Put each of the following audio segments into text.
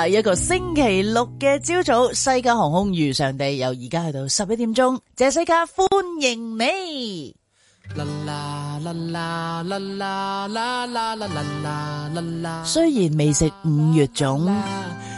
第一個星期六嘅朝早，西加航空遇上地，由而家去到十一點鐘，Jessica 歡迎你。啦啦啦啦啦啦啦啦雖然未食五月粽。啦啦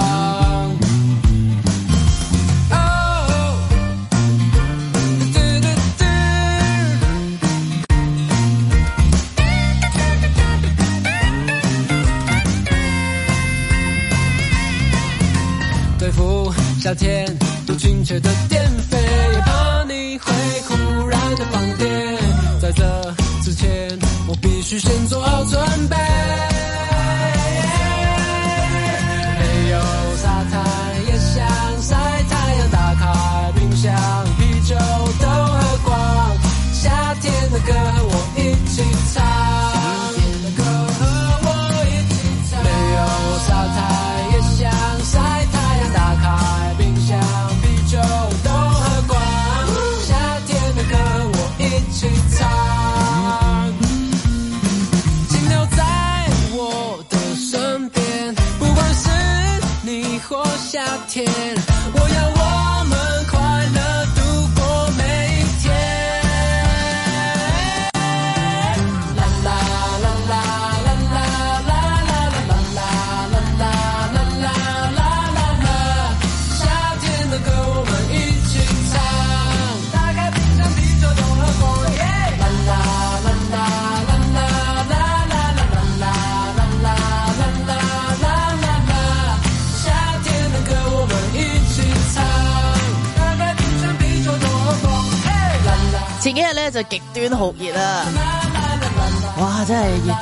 夏天，多清澈的電費，也怕你會忽然的放電，在這之前，我必須先做好準備。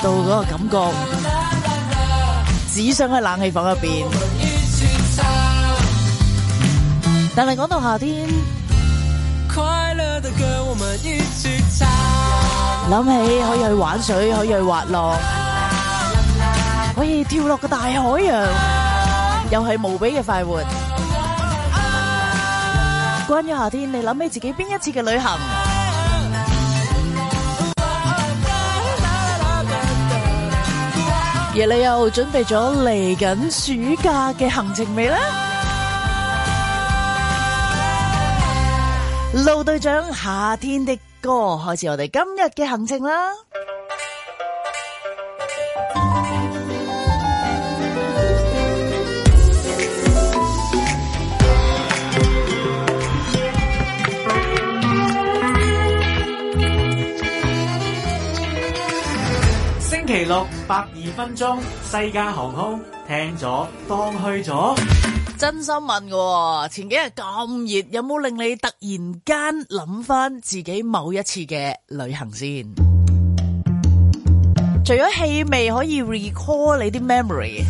到嗰個感覺，只想喺冷氣房入邊。但係講到夏天，諗起可以去玩水，可以去滑浪，可以跳落個大海洋，又係無比嘅快活。關於夏天，你諗起自己邊一次嘅旅行？而你又準備咗嚟緊暑假嘅行程未啦？路隊長，夏天的歌開始我哋今日嘅行程啦。六百二分鐘，西加航空聽咗當去咗，真心問嘅。前幾日咁熱，有冇令你突然間諗翻自己某一次嘅旅行先？除咗氣味可以 recall 你啲 memory，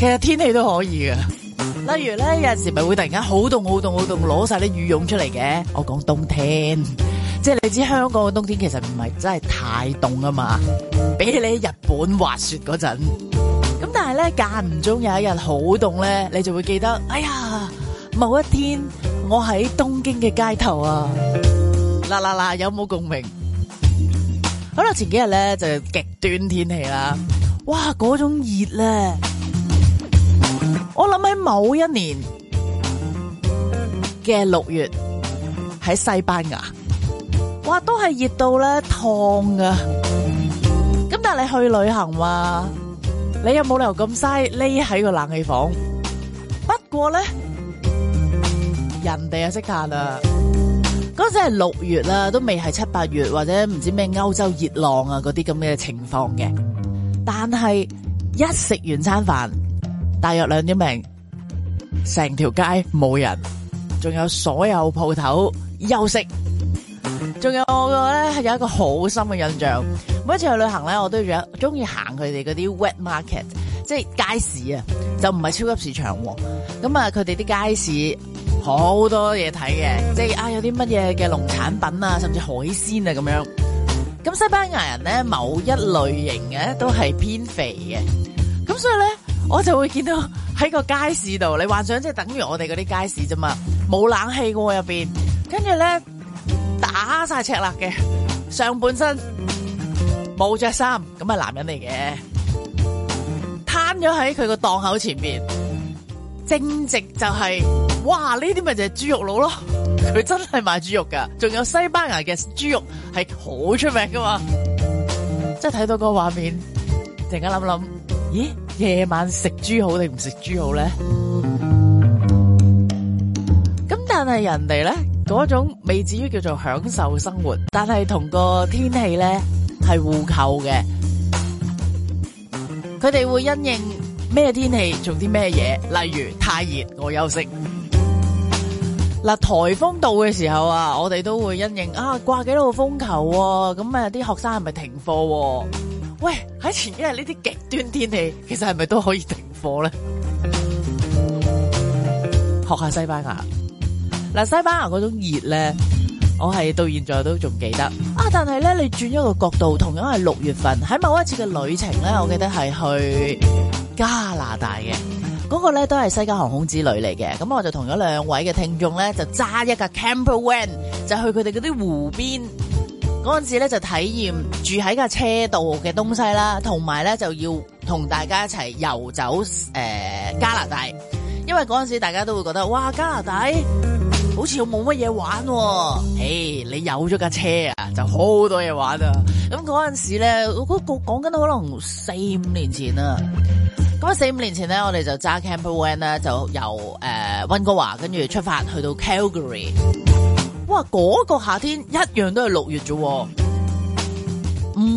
其實天氣都可以嘅。例如咧，有時咪會突然間好凍好凍好凍，攞晒啲羽絨出嚟嘅。我講冬天。即係你知香港嘅冬天其實唔係真係太凍啊嘛，比起你喺日本滑雪嗰陣，咁但係咧間唔中有一日好凍咧，你就會記得，哎呀，某一天我喺東京嘅街頭啊，嗱嗱嗱，有冇共鳴？好啦，前幾日咧就極端天氣啦，哇，嗰種熱咧，我諗喺某一年嘅六月喺西班牙。哇，都係熱到咧燙噶，咁但係你去旅行話，你又冇理由咁嘥匿喺個冷氣房。不過咧，人哋又識夾啦。嗰陣時係六月啦，都未係七八月或者唔知咩歐洲熱浪啊嗰啲咁嘅情況嘅。但係一食完餐飯，大約兩點零，成條街冇人，仲有所有鋪頭休息。又食仲有我咧，有一個好深嘅印象。每一次去旅行咧，我都仲中意行佢哋嗰啲 wet market，即係街市啊，就唔係超級市場喎。咁啊，佢哋啲街市好多嘢睇嘅，即係啊，有啲乜嘢嘅農產品啊，甚至海鮮啊咁樣。咁西班牙人咧，某一類型嘅、啊、都係偏肥嘅。咁所以咧，我就會見到喺個街市度，你幻想即係等於我哋嗰啲街市啫嘛，冇冷氣喎，入邊，跟住咧。打晒赤肋嘅上半身冇着衫，咁係男人嚟嘅，攤咗喺佢個檔口前面，正直就係、是，哇呢啲咪就係豬肉佬咯，佢真係賣豬肉噶，仲有西班牙嘅豬肉係好出名噶嘛，即係睇到嗰個畫面，突然間諗諗，咦夜晚食豬好定唔食豬好咧？咁但係人哋咧。嗰種未至於叫做享受生活，但係同個天氣咧係互扣嘅。佢哋會因應咩天氣做啲咩嘢，例如太熱我休息。嗱、啊、台風到嘅時候啊，我哋都會因應啊掛幾多個風球喎、啊，咁啊啲學生係咪停課、啊？喂喺前幾日呢啲極端天氣，其實係咪都可以停課咧？學下西班牙。嗱，西班牙嗰種熱呢，我係到現在都仲記得。啊，但係呢，你轉咗個角度，同樣係六月份，喺某一次嘅旅程呢，我記得係去加拿大嘅。嗰、那個呢都係西加航空之旅嚟嘅。咁我就同咗兩位嘅聽眾呢，就揸一架 Camper Van 就去佢哋嗰啲湖邊嗰時呢，就體驗住喺架車度嘅東西啦，同埋呢就要同大家一齊遊走、呃、加拿大。因為嗰時大家都會覺得哇，加拿大！好似我冇乜嘢玩喎、啊，hey，你有咗架車啊，就好多嘢玩啊。咁嗰陣時咧，我講緊可能四五年前啦、啊。咁四五年前咧，我哋就揸 campervan 啦，就由誒、呃、溫哥華跟住出發去到 Calgary。哇，嗰、那個夏天一樣都係六月啫，唔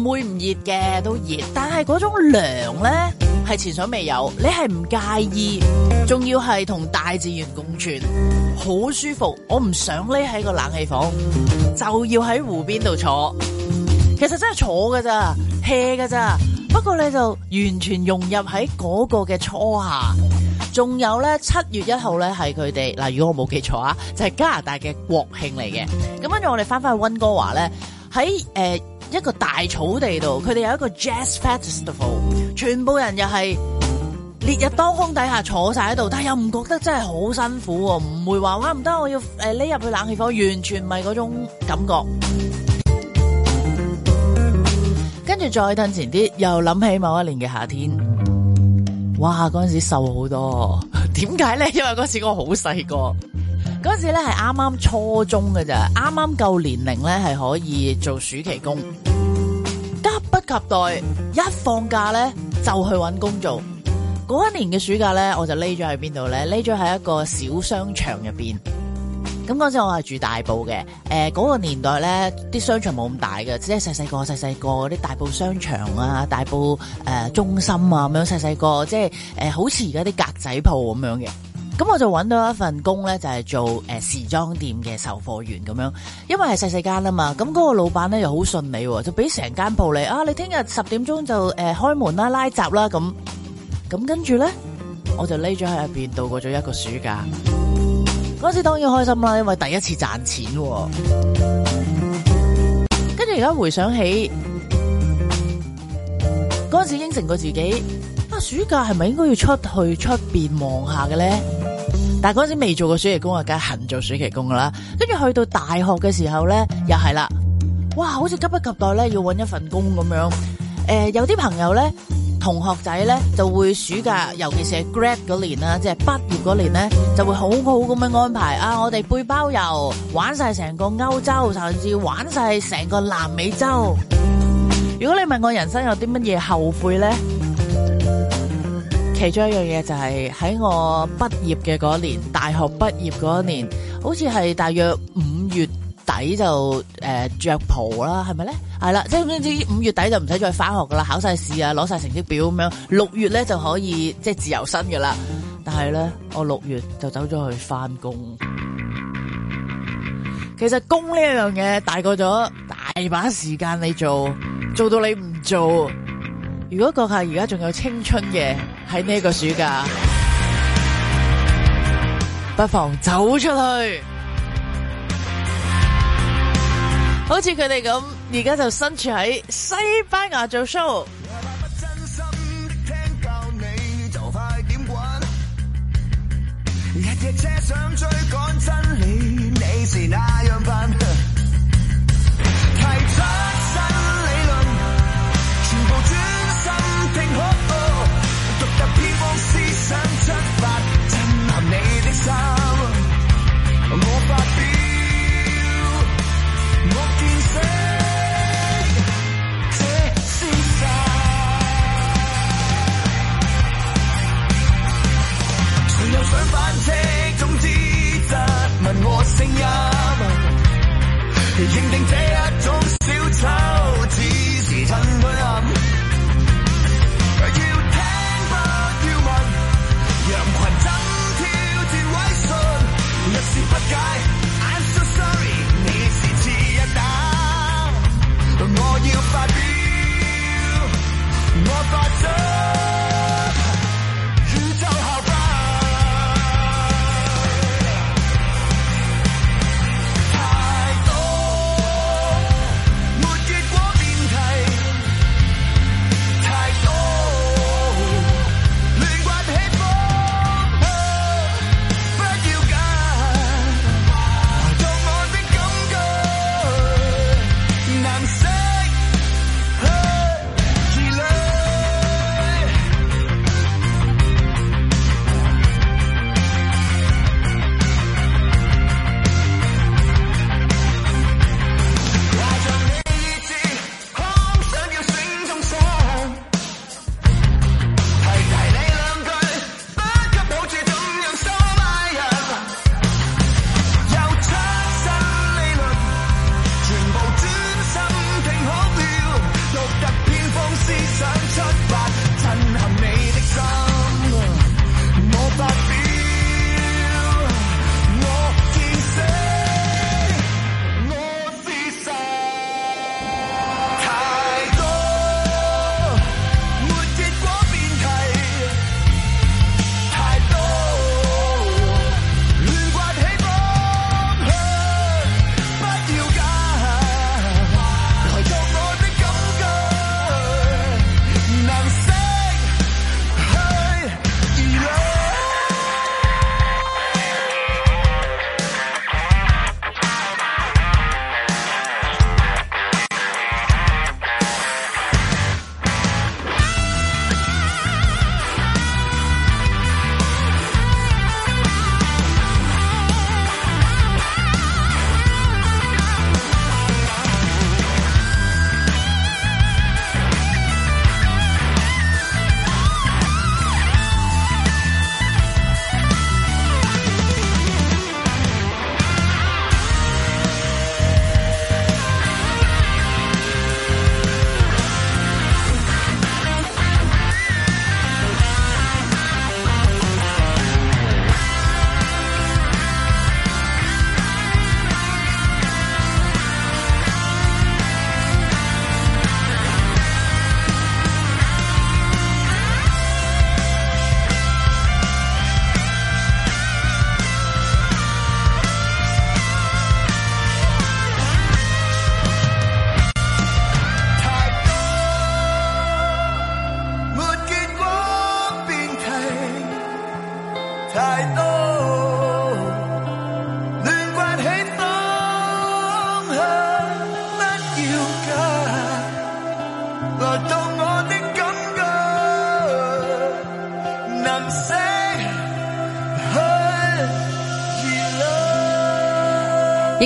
會唔熱嘅都熱，但係嗰種涼咧。係前所未有，你係唔介意，仲要係同大自然共存，好舒服。我唔想匿喺個冷氣房，就要喺湖邊度坐。其實真係坐嘅咋，hea 嘅咋。不過你就完全融入喺嗰個嘅初夏。仲有咧，七月一號咧係佢哋嗱，如果我冇記錯啊，就係加拿大嘅國慶嚟嘅。咁跟住我哋翻翻去溫哥華咧，喺誒。呃一個大草地度，佢哋有一個 jazz festival，全部人又係烈日當空底下坐晒喺度，但係又唔覺得真係好辛苦，唔會話哇，唔得，我要誒匿入去冷氣房，完全唔係嗰種感覺。 跟住再褪前啲，又諗起某一年嘅夏天，哇！嗰陣時瘦好多，點解咧？因為嗰陣時我好細個。嗰陣時咧係啱啱初中嘅咋，啱啱夠年齡咧係可以做暑期工，急不及待，一放假咧就去搵工做。嗰一年嘅暑假咧，我就匿咗喺邊度咧？匿咗喺一個小商場入邊。咁嗰陣時我係住大埔嘅，誒、呃、嗰、嗰個年代咧，啲商場冇咁大嘅，即係細細個細細個啲大埔商場啊、大埔誒、呃、中心啊咁樣，細細個即係誒，好似而家啲格仔鋪咁樣嘅。咁我就揾到一份工咧，就係、是、做誒時裝店嘅售貨員咁樣，因為係細細間啊嘛，咁、那、嗰個老闆咧又好順利喎，就俾成間鋪你啊！你聽日十點鐘就誒開門啦，拉閘啦咁。咁跟住咧，我就匿咗喺入邊度過咗一個暑假。嗰陣時當然開心啦，因為第一次賺錢。跟住而家回想起嗰陣時應承過自己，啊暑假係咪應該要出去出邊望下嘅咧？但係嗰陣時未做過暑期工，我梗係肯做暑期工噶啦。跟住去到大學嘅時候咧，又係啦，哇，好似急不及待咧，要搵一份工咁樣。誒、呃，有啲朋友咧，同學仔咧，就會暑假，尤其是係 grad 嗰年啦，即係畢業嗰年咧，就會好好咁樣安排。啊，我哋背包遊，玩曬成個歐洲，甚至玩曬成個南美洲。如果你問我人生有啲乜嘢後悔咧？其中一樣嘢就係、是、喺我畢業嘅嗰年，大學畢業嗰年，好似係大約五月底就誒、呃、著袍啦，係咪咧？係啦，即係總言之五月底就唔使再翻學噶啦，考晒試啊，攞晒成績表咁樣，六月咧就可以即係、就是、自由身噶啦。但係咧，我六月就走咗去翻工。其實工呢一樣嘢，大個咗，大把時間你做，做到你唔做。如果閣下而家仲有青春嘅，喺呢個暑假，不妨走出去，好似佢哋咁，而家就身處喺西班牙做 show。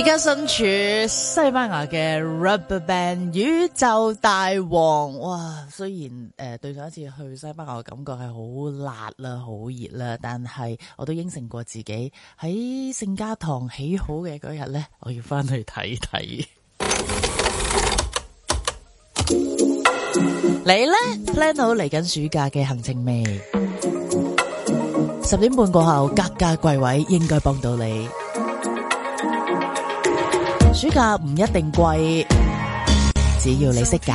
而家身處西班牙嘅 Rubberband 宇宙大王，哇！雖然誒對、呃、上一次去西班牙嘅感覺係好辣啦、好熱啦，但係我都應承過自己喺聖家堂起好嘅嗰日咧，我要翻去睇睇。你呢，plan 好嚟緊暑假嘅行程未？十點半過後，格價櫃位應該幫到你。暑假唔一定貴，只要你識揀。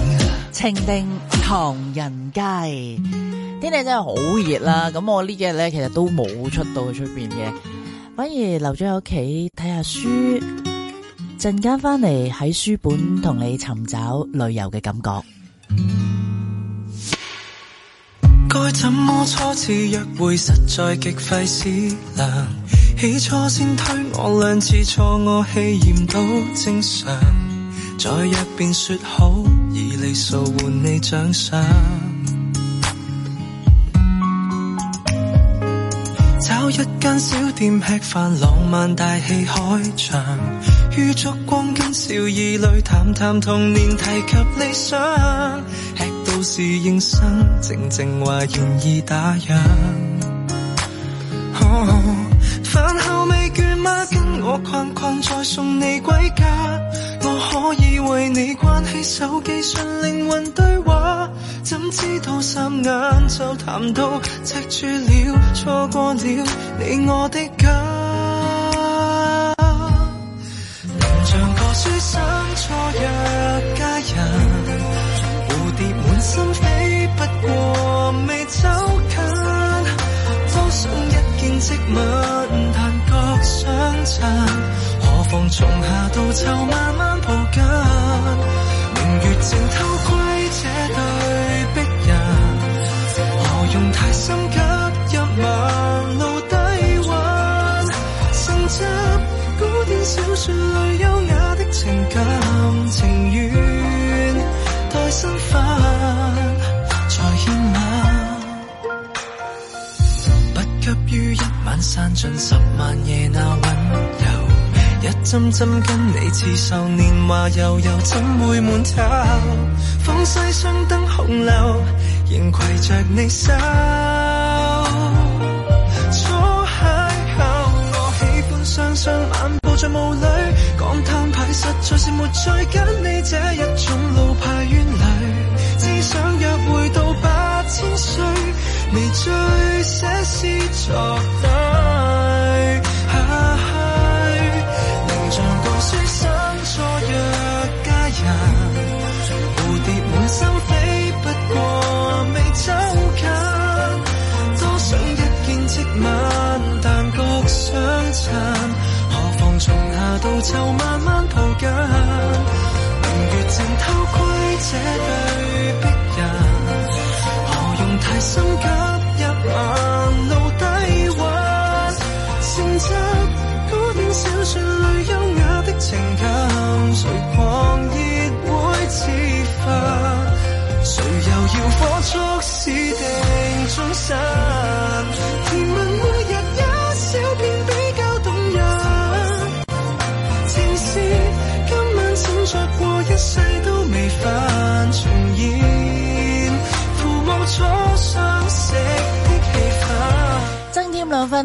聽定唐人街，天氣真係好熱啦！咁我呢幾日咧，其實都冇出到去出邊嘅，反而留咗喺屋企睇下書，陣間翻嚟喺書本同你尋找旅遊嘅感覺。該怎麼初次約會實在極費思量，起初先推我兩次錯我氣焰都正常，再一邊說好。數換你獎賞，找一間小店吃飯，浪漫大戲開場，於燭光跟笑意裏談談童年，提及理想，吃到侍應生，靜靜話現已打烊。我困困再送你歸家，我可以為你關起手機，信靈魂對話。怎知道眨眼就談到，赤柱了，錯過了你我的家。能像個書生錯約佳人，蝴蝶滿心飛不過未走近，多想一見即吻。相襯，何妨從夏到秋慢慢抱緊。明月正偷窺這對璧人，何用太心急一晚露底蘊。承襲古典小說裏優雅的情感，情願待新婚。散盡十萬夜那溫柔，一針針跟你刺繡年華悠悠，怎會滿頭？風勢？雙燈紅柳，仍攜着你手。初邂逅，我喜歡雙雙漫步在霧裏，講攤牌實在是沒趣跟你這一種老派怨侶，只想約會到八千歲，未醉寫詩作對。就慢慢抱緊，明月正偷窺這對璧人，何用太心急一晚。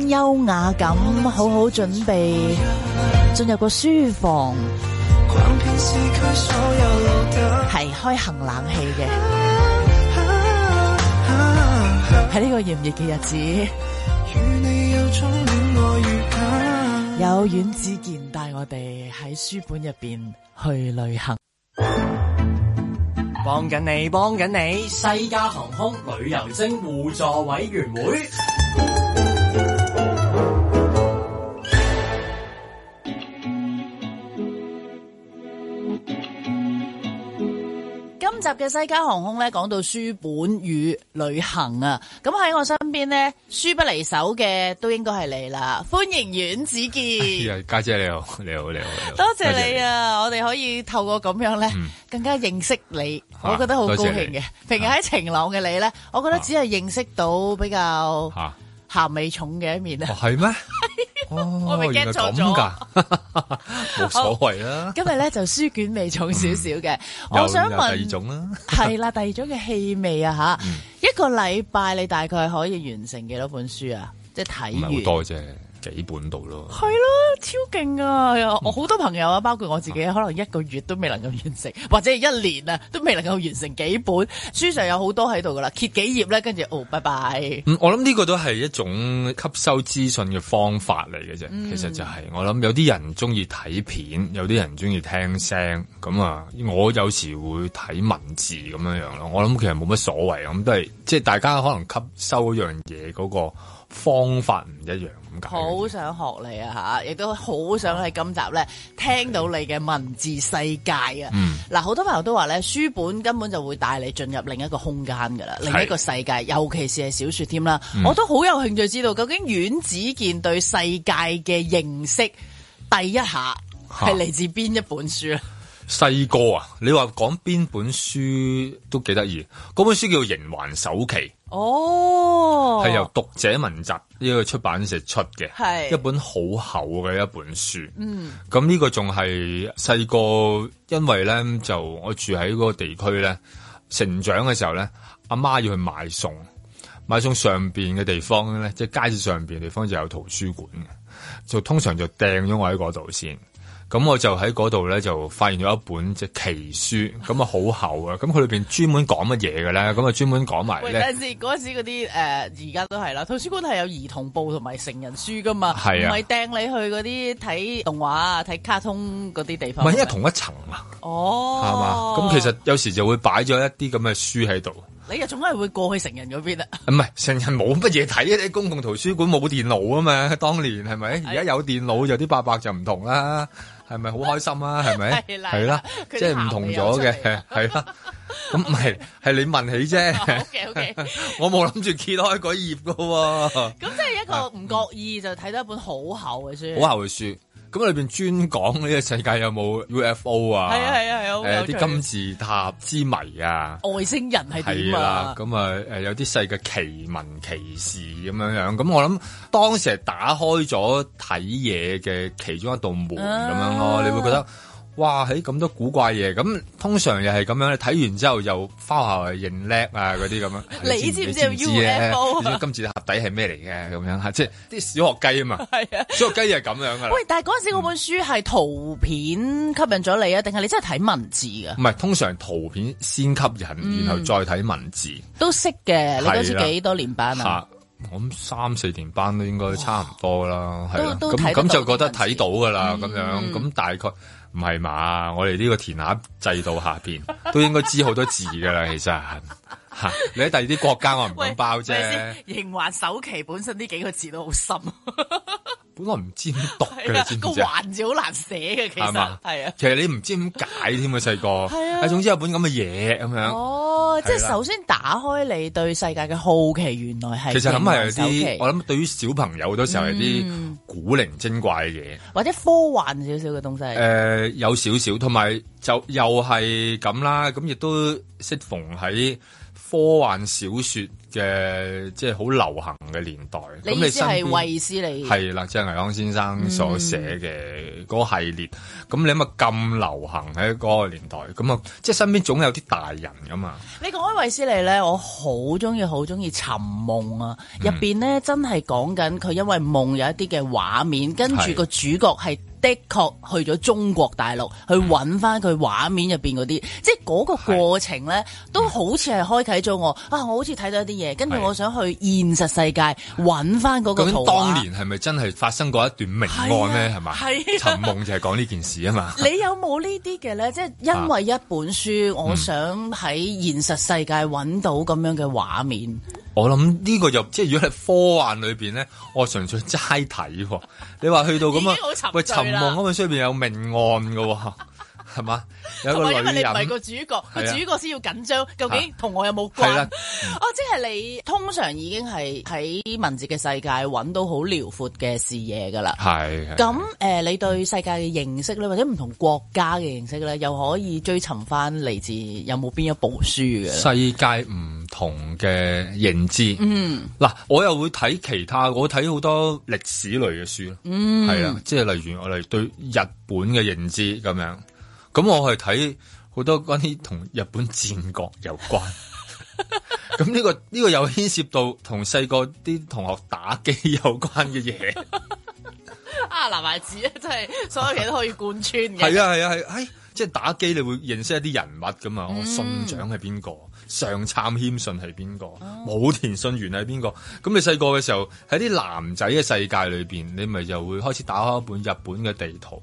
優雅咁，好好準備進入個書房，係開行冷氣嘅。喺呢個炎熱嘅日子，有遠子健帶我哋喺書本入邊去旅行。幫緊你，幫緊你，西加航空旅遊精互助委員會。入嘅西加航空咧，講到書本與旅行啊，咁喺我身邊咧，書不離手嘅都應該係你啦。歡迎阮子健，家、哎、姐、姐你好，你好，你好，多謝你啊！我哋可以透過咁樣咧、嗯，更加認識你，我覺得好高興嘅。平日喺晴朗嘅你咧、啊，我覺得只係認識到比較。啊鹹味重嘅一面。哦 哦哦， 啊？係咩？我咪驚錯咗，冇所謂啦。今日咧就書卷味重少少嘅。 啊，我想問，第二種啦，係啦，第二種嘅氣味啊吓， 一個禮拜你大概可以完成幾多本書啊？即係睇完。幾本度咯，係咯、啊，超勁啊！我好多朋友啊、嗯，包括我自己，可能一個月都未能夠完成、啊，或者一年啊都未能夠完成幾本書上，有好多喺度噶啦，揭幾頁咧，跟住哦，拜拜！嗯、我諗呢個都係一種吸收資訊嘅方法嚟嘅啫。其實就係、是、我諗，有啲人中意睇片，有啲人中意聽聲，咁啊，我有時會睇文字咁樣樣、啊、咯。我諗其實冇乜所謂咁，都係即係大家可能吸收樣嘢嗰、那個方法唔一樣。好想學你啊，吓！亦都好想喺今集咧聽到你嘅文字世界啊！嗱、嗯，好多朋友都話咧，書本根本就會帶你進入另一個空間噶啦，另一個世界，尤其是係小說添啦。我都好有興趣知道，究竟阮子健對世界嘅認識，第一下係嚟自邊一本書啊？啊、細個啊，你話講邊本書都幾得意，嗰本書叫《縈環首期》。哦，係由讀者文集呢個出版社出嘅，係一本好厚嘅一本書。嗯，咁呢個仲係細個，因為咧就我住喺嗰個地區咧，成長嘅時候咧，阿媽要去買餸，買餸上邊嘅地方咧，即係街市上邊地方就有圖書館嘅，就通常就掟咗我喺嗰度先。咁我就喺嗰度咧，就發現咗一本即奇書，咁啊好厚啊！咁佢裏邊專門講乜嘢嘅咧？咁啊專門講埋咧。嗰時嗰啲誒，而家都係啦，圖書館係有兒童部同埋成人書噶嘛，唔係掟你去嗰啲睇動畫啊、睇卡通嗰啲地方。唔係因為同一層啊。哦。係嘛？咁其實有時就會擺咗一啲咁嘅書喺度。你又總係會過去成人嗰邊啊？唔係成人冇乜嘢睇啊！公共圖書館冇電腦啊嘛，當年係咪？而家有電腦有伯伯就啲伯伯就唔同啦。係咪好開心啊？係咪？係啦，係啦，即係唔同咗嘅，係啦。咁唔係，係你問起啫。 okay, okay. 我冇諗住揭開嗰頁噶喎。咁即係一個唔覺意就睇到一本好厚嘅書。嗯，好厚嘅書。咁裏邊專講呢個世界有冇 UFO 啊？係啊，係啊，係，誒啲、啊、金字塔之謎啊，外星人喺度係點啊？咁啊誒有啲細嘅奇聞奇事咁樣樣。咁我諗當時係打開咗睇嘢嘅其中一道門咁樣咯，你會覺得？哇！喺咁多古怪嘢，咁通常又係咁樣，睇完之後又翻學校認叻啊嗰啲咁樣。你知唔知 UFO？今次盒底係咩嚟嘅？咁樣吓，即係啲小學雞啊嘛。係啊，小學雞又係咁樣嘅。喂，但係嗰陣時嗰本書係圖片吸引咗你啊，定係你真係睇文字噶、啊？唔、嗯、係，通常圖片先吸引，然後再睇文字。嗯、都識嘅，你都知幾多，多年班啊？我諗三四年班都應該差唔多啦。係咁咁就覺得睇到噶啦，咁樣咁大概。唔係嘛？我哋呢個填鴨制度下面， 都應該知好多字噶啦。其實， 你喺第二啲國家，我唔敢包啫。還首期本身呢幾個字都好深。 本來唔知點讀嘅、 啊，個環字好難寫嘅，其實係啊。其實你唔知點解添啊，細個。係 啊。總之有本咁嘅嘢咁樣。哦，即係首先打開你對世界嘅好奇，原來係。其實諗係有啲，我諗對於小朋友，好多時候係啲古靈精怪嘅嘢，或者科幻少少嘅東西。誒、呃，有少少，同埋就又係咁啦。咁亦都適逢喺科幻小說，嘅即係好流行嘅年代，咁你意思係衛斯理？係啦，即係倪匡先生所寫嘅嗰個系列。咁、嗯、你諗吓咁流行喺嗰個年代，咁啊即係身邊總有啲大人噶嘛。你講起衛斯理咧，我好中意，好中意《尋夢》啊！入邊咧真係講緊佢因為夢有一啲嘅畫面，跟住個主角係。的確去咗中國大陸去揾翻佢畫面入面嗰啲，即嗰個過程咧，都好似係開啟咗我啊！我好似睇到一啲嘢，跟住我想去現實世界揾翻嗰個。咁當年係咪真係發生過一段命案咧？係嘛？陳夢就係講呢件事啊嘛。你有冇呢啲嘅咧？即因為一本書，我想喺現實世界揾到咁樣嘅畫面。我諗呢、呢個入即係如果喺科幻裏邊咧，我純粹齋睇。你話去到咁啊，喂，尋夢咁啊，入邊有命案噶喎。係嘛？同埋，因為你唔係個主角，個、啊、主角先要緊張。究竟同我有冇關係？是啊是啊、 哦，即係你通常已經係喺文字嘅世界揾到好遼闊嘅視野噶啦。係咁誒，你對世界嘅認識咧，或者唔同國家嘅認識咧，又可以追尋翻嚟，自有冇邊一部書嘅世界唔同嘅認知？嗯，嗱，我又會睇其他，我睇好多歷史類嘅書，係、嗯、啦、啊，即係例如我哋對日本嘅認知咁樣。咁我係睇好多關於同日本戰國有關、 這個，咁、這、呢個呢個又牽涉到同細個啲同學打機有關嘅嘢。啊，男孩子真係所有嘢都可以貫穿嘅、 啊。係啊係啊係，即係、啊哎就是、打機你會認識一啲人物噶嘛、嗯？信長係邊個？上杉謙信係邊個？武、啊、田信玄係邊個？咁你細個嘅時候喺啲男仔嘅世界裏邊，你咪就會開始打開一本日本嘅地圖。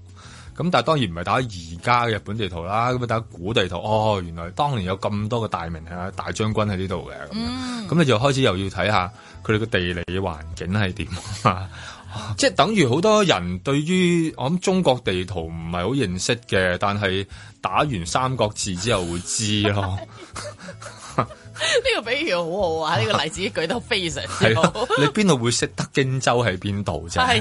咁但係當然唔係打而家嘅日本地圖啦，咁啊打古地圖，哦，原來當年有咁多嘅大名啊大將軍喺呢度嘅，咁、嗯、咁你就開始又要睇下佢哋嘅地理環境係點啊， 即係等於好多人對於我諗中國地圖唔係好認識嘅，但係打完三國志之後會知咯。 呢、這個比喻好好啊，呢、這個例子舉得非常之好。啊啊、你邊度會識得荊州喺邊度啫？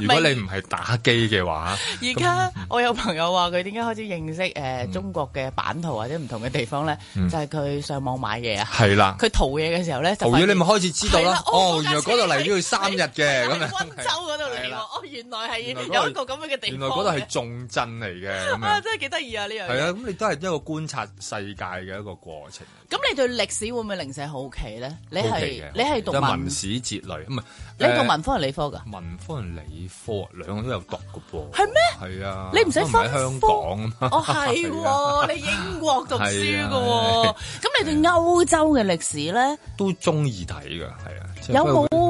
如果你唔係打機嘅話，而家我有朋友話佢點解開始認識誒、呃嗯、中國嘅版圖或者唔同嘅地方咧、嗯？就係、是、佢上網買嘢啊。係啦，佢淘嘢嘅時候咧，淘嘢你咪開始知道啦、啊哦哦啊。哦，原來嗰度嚟咗要三日嘅。咁荊州嗰度嚟，哦，原來係有一個咁樣嘅地方。原來嗰度係重鎮嚟嘅。啊，真係幾得意啊呢樣。係啊，咁、啊、你都係一個觀察世界嘅一個過程。咁你？對歷史會唔會零舍好奇咧？你係、okay、讀文史哲類唔係？你讀文科定理科噶、呃？文科、理科，兩個都有讀㗎喎。係咩？係啊，你唔使翻香港。 哦，係對， 你英國讀書噶、啊，咁你對歐洲嘅歷史咧？都中意睇噶，係啊。有冇？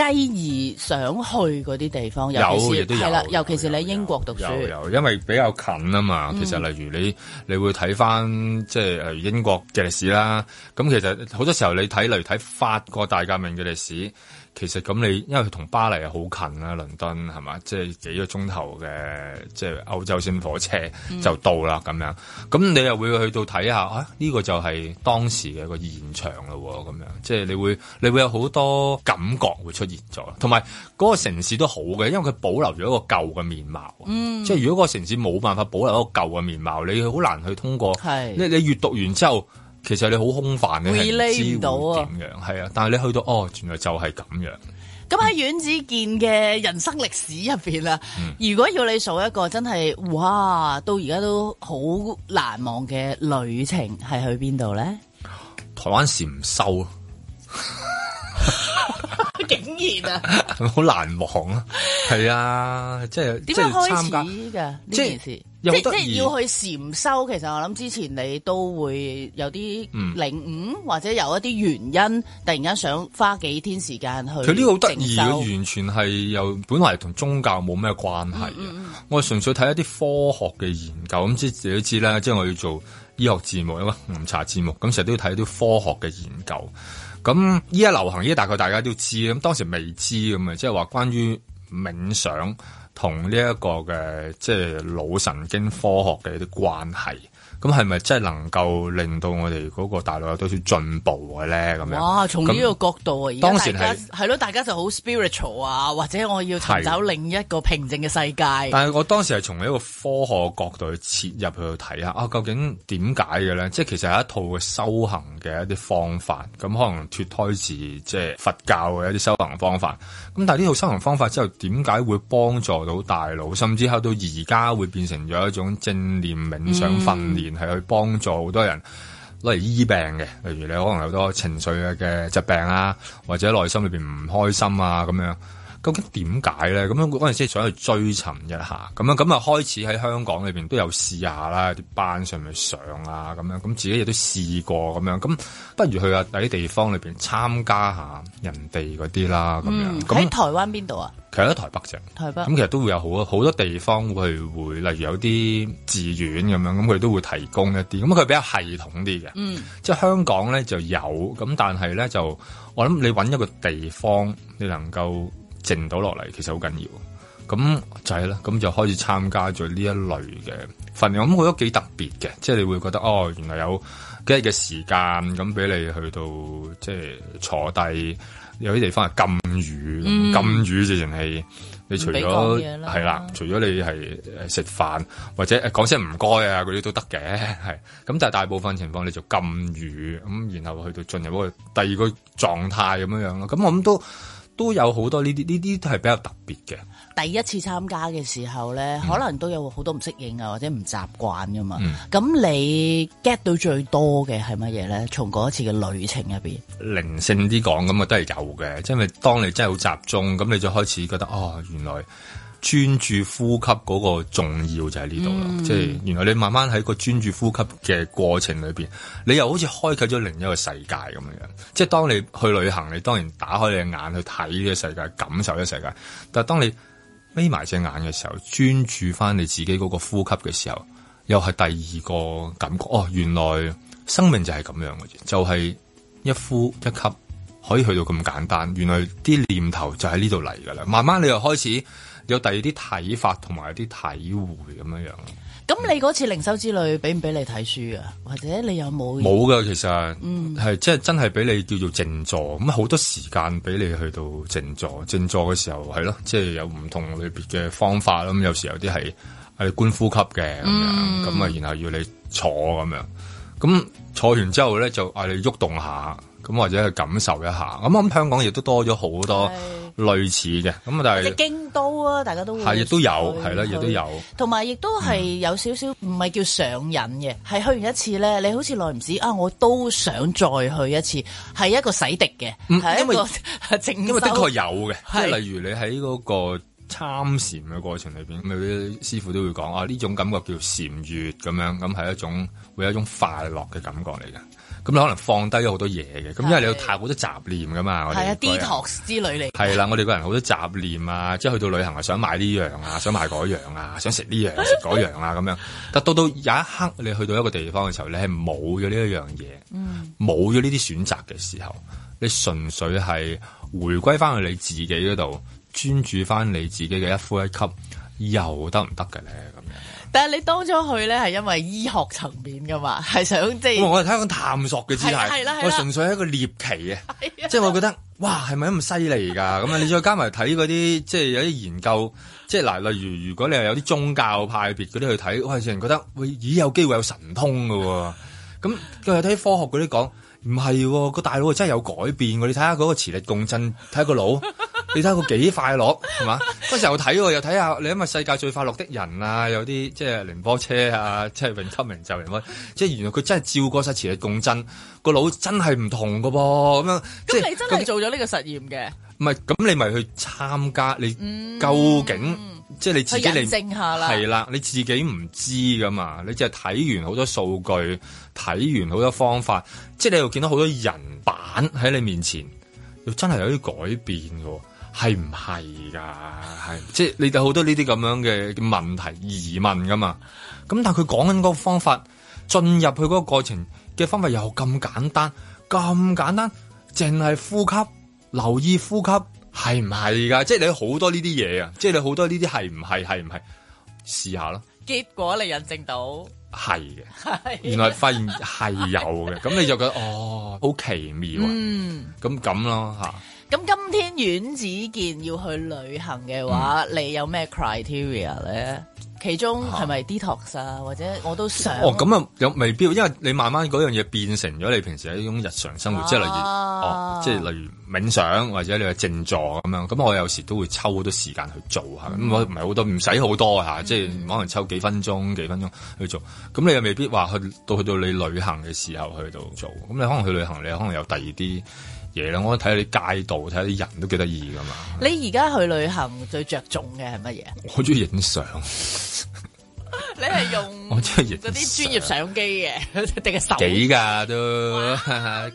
繼而想去嗰啲地方，有亦都有，有，尤其是你喺英國讀書，有，有，有，有因為比較近啊嘛、嗯。其實例如你，你會睇翻即係誒英國嘅歷史啦。咁其實好多時候你睇，例如睇法國大革命嘅歷史。其實咁你，因為佢同巴黎好近啦、啊，倫敦係嘛，即係幾個鐘頭嘅即係歐洲星火車就到啦咁、嗯、樣。咁你又會去到睇下啊？呢個就係當時嘅一個現場咯，咁樣即係你會你會有好多感覺會出現咗，同埋嗰個城市都好嘅，因為佢保留咗一個舊嘅面貌。嗯，即係如果個城市冇辦法保留一個舊嘅面貌，你好難去通過。係，你你閲讀完之後。其實你好空泛嘅，你知唔到啊？係啊，但係你去到哦，原來就係咁樣。咁喺阮子健嘅人生歷史入邊啊，嗯、如果要你數一個真係哇，到而家都好難忘嘅旅程，係去邊度咧？台灣禪修啊！竟然啊 ！好難忘啊！係啊，即係點樣開始嘅呢件事？即係係要去禪修，其實我諗之前你都會有啲領悟，嗯，或者有一啲原因，突然間想花幾天時間去。佢呢個好得意，完全係又、嗯、本來同宗教冇咩關係嘅、嗯嗯。我純粹睇一啲科學嘅研究，咁即係自己都知啦。即係我要做醫學節目啊嘛，唔查節目咁成日都要睇一啲科學嘅研究。咁依家流行呢，大概大家都知，咁當時未知咁啊，即係話，關於冥想。同呢一個嘅即係腦神經科學嘅一啲關係。咁係咪真係能夠令到我哋嗰個大腦有多少進步嘅咧？咁樣哇，從呢個角度啊，而家大家係咯，大家就好 spiritual 啊，或者我要尋找另一個平靜嘅世界。但係我當時係從一個科學角度去切入去睇下，啊，究竟點解嘅咧？即係其實係一套嘅修行嘅一啲方法，咁可能脫胎自即係佛教嘅一啲修行方法。咁但係呢套修行方法之後，點解會幫助到大腦？甚至到而家會變成咗一種正念冥想訓練。嗯。係去幫助好多人攞嚟醫病嘅，例如你可能有好多情緒嘅疾病啊，或者內心裏邊唔開心啊咁樣。究竟點解咧？咁樣嗰陣時想去追尋一下咁樣咁啊，開始喺香港裏面都有試下啦，啲班上咪上啊咁樣咁自己亦都試過咁樣咁，不如去下啲地方裏面參加下人哋嗰啲啦咁樣咁喺台灣邊度啊？其實喺台北啫，台北咁其實都會有好多好多地方會會，例如有啲志願咁樣咁，佢都會提供一啲咁佢比較系統啲嘅，嗯，即係香港咧就有咁，但係咧就我諗你揾一個地方，你能夠。靜到落嚟其實好緊要，咁就係啦，咁就開始參加咗呢一類嘅訓練。咁我覺得幾特別嘅，即係你會覺得哦，原來有幾日嘅時間咁俾你去到即係坐低。有啲地方係禁語、嗯，禁語直情係你除咗係啦，除咗你係食飯或者講聲唔該啊嗰啲都得嘅，係。咁但係大部分情況你就禁語咁，然後去到進入嗰個第二個狀態咁樣樣咯。咁我諗都。都有好多呢啲呢啲都係比較特別嘅。第一次參加嘅時候咧，嗯，可能都有好多唔適應啊，或者唔習慣噶嘛。咁、嗯、你 get 到最多嘅係乜嘢咧？從嗰一次嘅旅程入面，靈性啲講咁啊，都係有嘅。因為當你真係好集中，咁你就開始覺得哦，原來。專注呼吸嗰個重要就喺呢度啦，即係原來你慢慢喺個專注呼吸嘅過程裏邊，你又好似開啟咗另一個世界咁樣樣。即係當你去旅行，你當然打開你嘅眼去睇呢個世界，感受呢個世界。但係當你眯埋隻眼嘅時候，專注翻你自己嗰個呼吸嘅時候，又係第二個感覺。哦，原來生命就係咁樣嘅啫，就係一呼一吸可以去到咁簡單。原來啲念頭就喺呢度嚟噶啦，慢慢你又開始。有第二啲睇法同埋有啲體會咁樣樣。咁、嗯、你嗰次靈修之旅，俾唔俾你睇書啊？或者你有冇？冇噶，其實即係、嗯就是、真係俾你叫做靜坐。咁好多時間俾你去到靜坐。靜坐嘅時候係咯，即係、就是、有唔同類別嘅方法。咁有時有啲係係觀呼吸嘅咁、嗯、樣。咁啊，然後要你坐咁樣。咁坐完之後咧，就嗌你喐動，動下。咁或者去感受一下，咁我諗香港亦都多咗好多類似嘅，咁但係即係京都啊，大家都係亦都有，係啦，亦都有，同埋亦都係有少少唔係叫上癮嘅，係去完一次咧，你好似耐唔止啊，我都想再去一次，係一個洗滌嘅，嗯，因為因為的確有嘅，即係例如你喺嗰個參禪嘅過程裏邊，咁啲師傅都會講啊，呢種感覺叫禪悅咁樣，咁係一種會有一種快樂嘅感覺嚟嘅。咁你可能放低咗好多嘢嘅，咁因為你有太多好多雜念噶嘛，係啊，Detox 之類嚟。係啦，我哋個人好多雜念啊，即係去到旅行啊， 啊，想買呢樣啊，想買嗰樣啊，想食呢樣食嗰樣啊咁樣。但到到有一刻你去到一個地方嘅時候，你係冇咗呢一樣嘢，冇咗呢啲選擇嘅時候，你純粹係回歸翻去你自己嗰度，專注翻你自己嘅一呼一吸，又得唔得嘅咧？但係你當初去咧，係因為醫學層面噶嘛，係想即係、啊啊啊。我係睇一個探索嘅姿態，我純粹係一個獵奇啊！即係我覺得，哇，係咪咁犀利噶？咁啊，你再加埋睇嗰啲，即係有啲研究，即係嗱，例如如果你係有啲宗教派別嗰啲去睇，我係成覺得喂咦有機會有神通噶、啊。咁佢係睇科學嗰啲講。唔係個大腦真係有改變嘅。你睇下嗰個磁力共振，睇下個腦、 啊啊，你睇下佢幾快樂，係嘛？嗰時候睇又睇下，你諗下世界最快樂的人啊，有啲即係凌波車啊，即係永出名就名開，即係原來佢真係照過晒磁力共振， 個腦真係唔同嘅噃、啊，咁樣。咁你真係做咗呢個實驗嘅？唔係，咁你咪去參加，你究竟、嗯？嗯即係你自己嚟證下，係啦，你自己唔知噶嘛，你淨係睇完好多數據，睇完好多方法，即係你又見到好多人板喺你面前，又真係有啲改變嘅，係唔係㗎？係即係你哋好多呢啲咁樣嘅問題疑問㗎嘛？咁但係佢講緊嗰個方法進入去嗰個過程嘅方法又咁簡單，咁簡單，淨係呼吸，留意呼吸。係唔係噶？即係你好多呢啲嘢啊！即係你好多呢啲係唔係？係唔係？試下咯。結果你印證到係嘅，原來發現係有嘅。咁你就覺得哦，好奇妙啊！嗯，咁咁咯吓。咁今天阮子健要去旅行嘅話，嗯，你有咩 criteria 咧？其中係咪 detox 啊，啊，或者我都想哦，咁啊又未必，因為你慢慢嗰樣嘢變成咗你平時一種日常生活，啊、即係例如，哦、即係例如冥想或者你嘅靜坐咁樣。咁我有時都會抽好多時間去做下，咁我唔係好多，唔使好多吓、嗯，即係可能抽幾分鐘、幾分鐘去做。咁你又未必話去到去到你旅行嘅時候去到做。咁你可能去旅行，你可能有第二啲。嘢啦，我睇下啲街道，睇下啲人都幾得意噶嘛。你而家去旅行最着重嘅係乜嘢？我中意影相。 你係用我中意嗰啲專業相機嘅，定係手機㗎都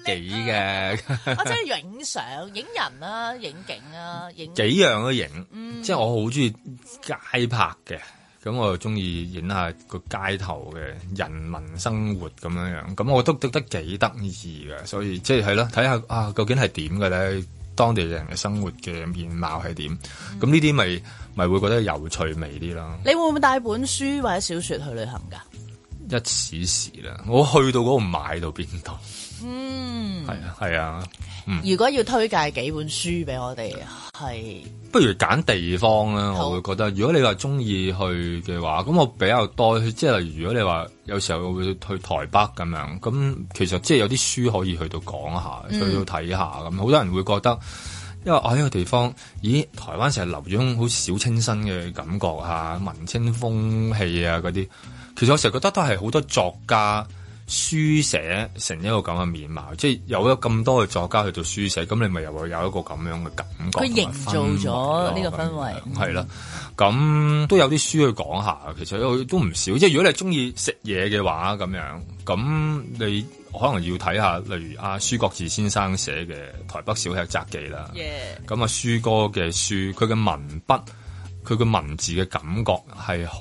幾嘅。我即係影相、影、啊、人啊、影景啊、影幾樣都影、嗯。即係我好中意街拍嘅。咁我又中意影下個街頭嘅人民生活咁樣樣，咁我都覺得幾得意嘅，所以即係係咯，睇下啊，究竟係點嘅咧，當地人嘅生活嘅面貌係點，咁呢啲咪咪會覺得有趣味啲咯。你會唔會帶本書或者小說去旅行噶？一此時啦，我去到嗰個買到邊度？嗯，係啊，係、嗯、啊。如果要推介幾本書俾我哋，係不如揀地方啦。我會覺得，如果你話中意去嘅話，咁我比較多，即係例如如果你話有時候會去台北咁樣，咁其實即係有啲書可以去到講下、嗯，去到睇下咁。好多人會覺得，因為喺呢個地方，咦，台灣成日留住種好小清新嘅感覺啊，文青風氣啊嗰啲，其實我成日覺得都係好多作家。書寫成一個咁嘅面貌，即係有咗咁多嘅作家去做書寫，咁你咪又會有一個咁樣嘅感覺。佢營造咗呢個氛圍，係啦，咁、嗯、都有啲書去講下，其實都唔少。即係如果你中意食嘢嘅話，咁樣，咁你可能要睇下，例如阿舒、啊、國治先生寫嘅《台北小吃札記》啦，咁阿舒哥嘅書，佢嘅文筆。佢個文字嘅感覺係好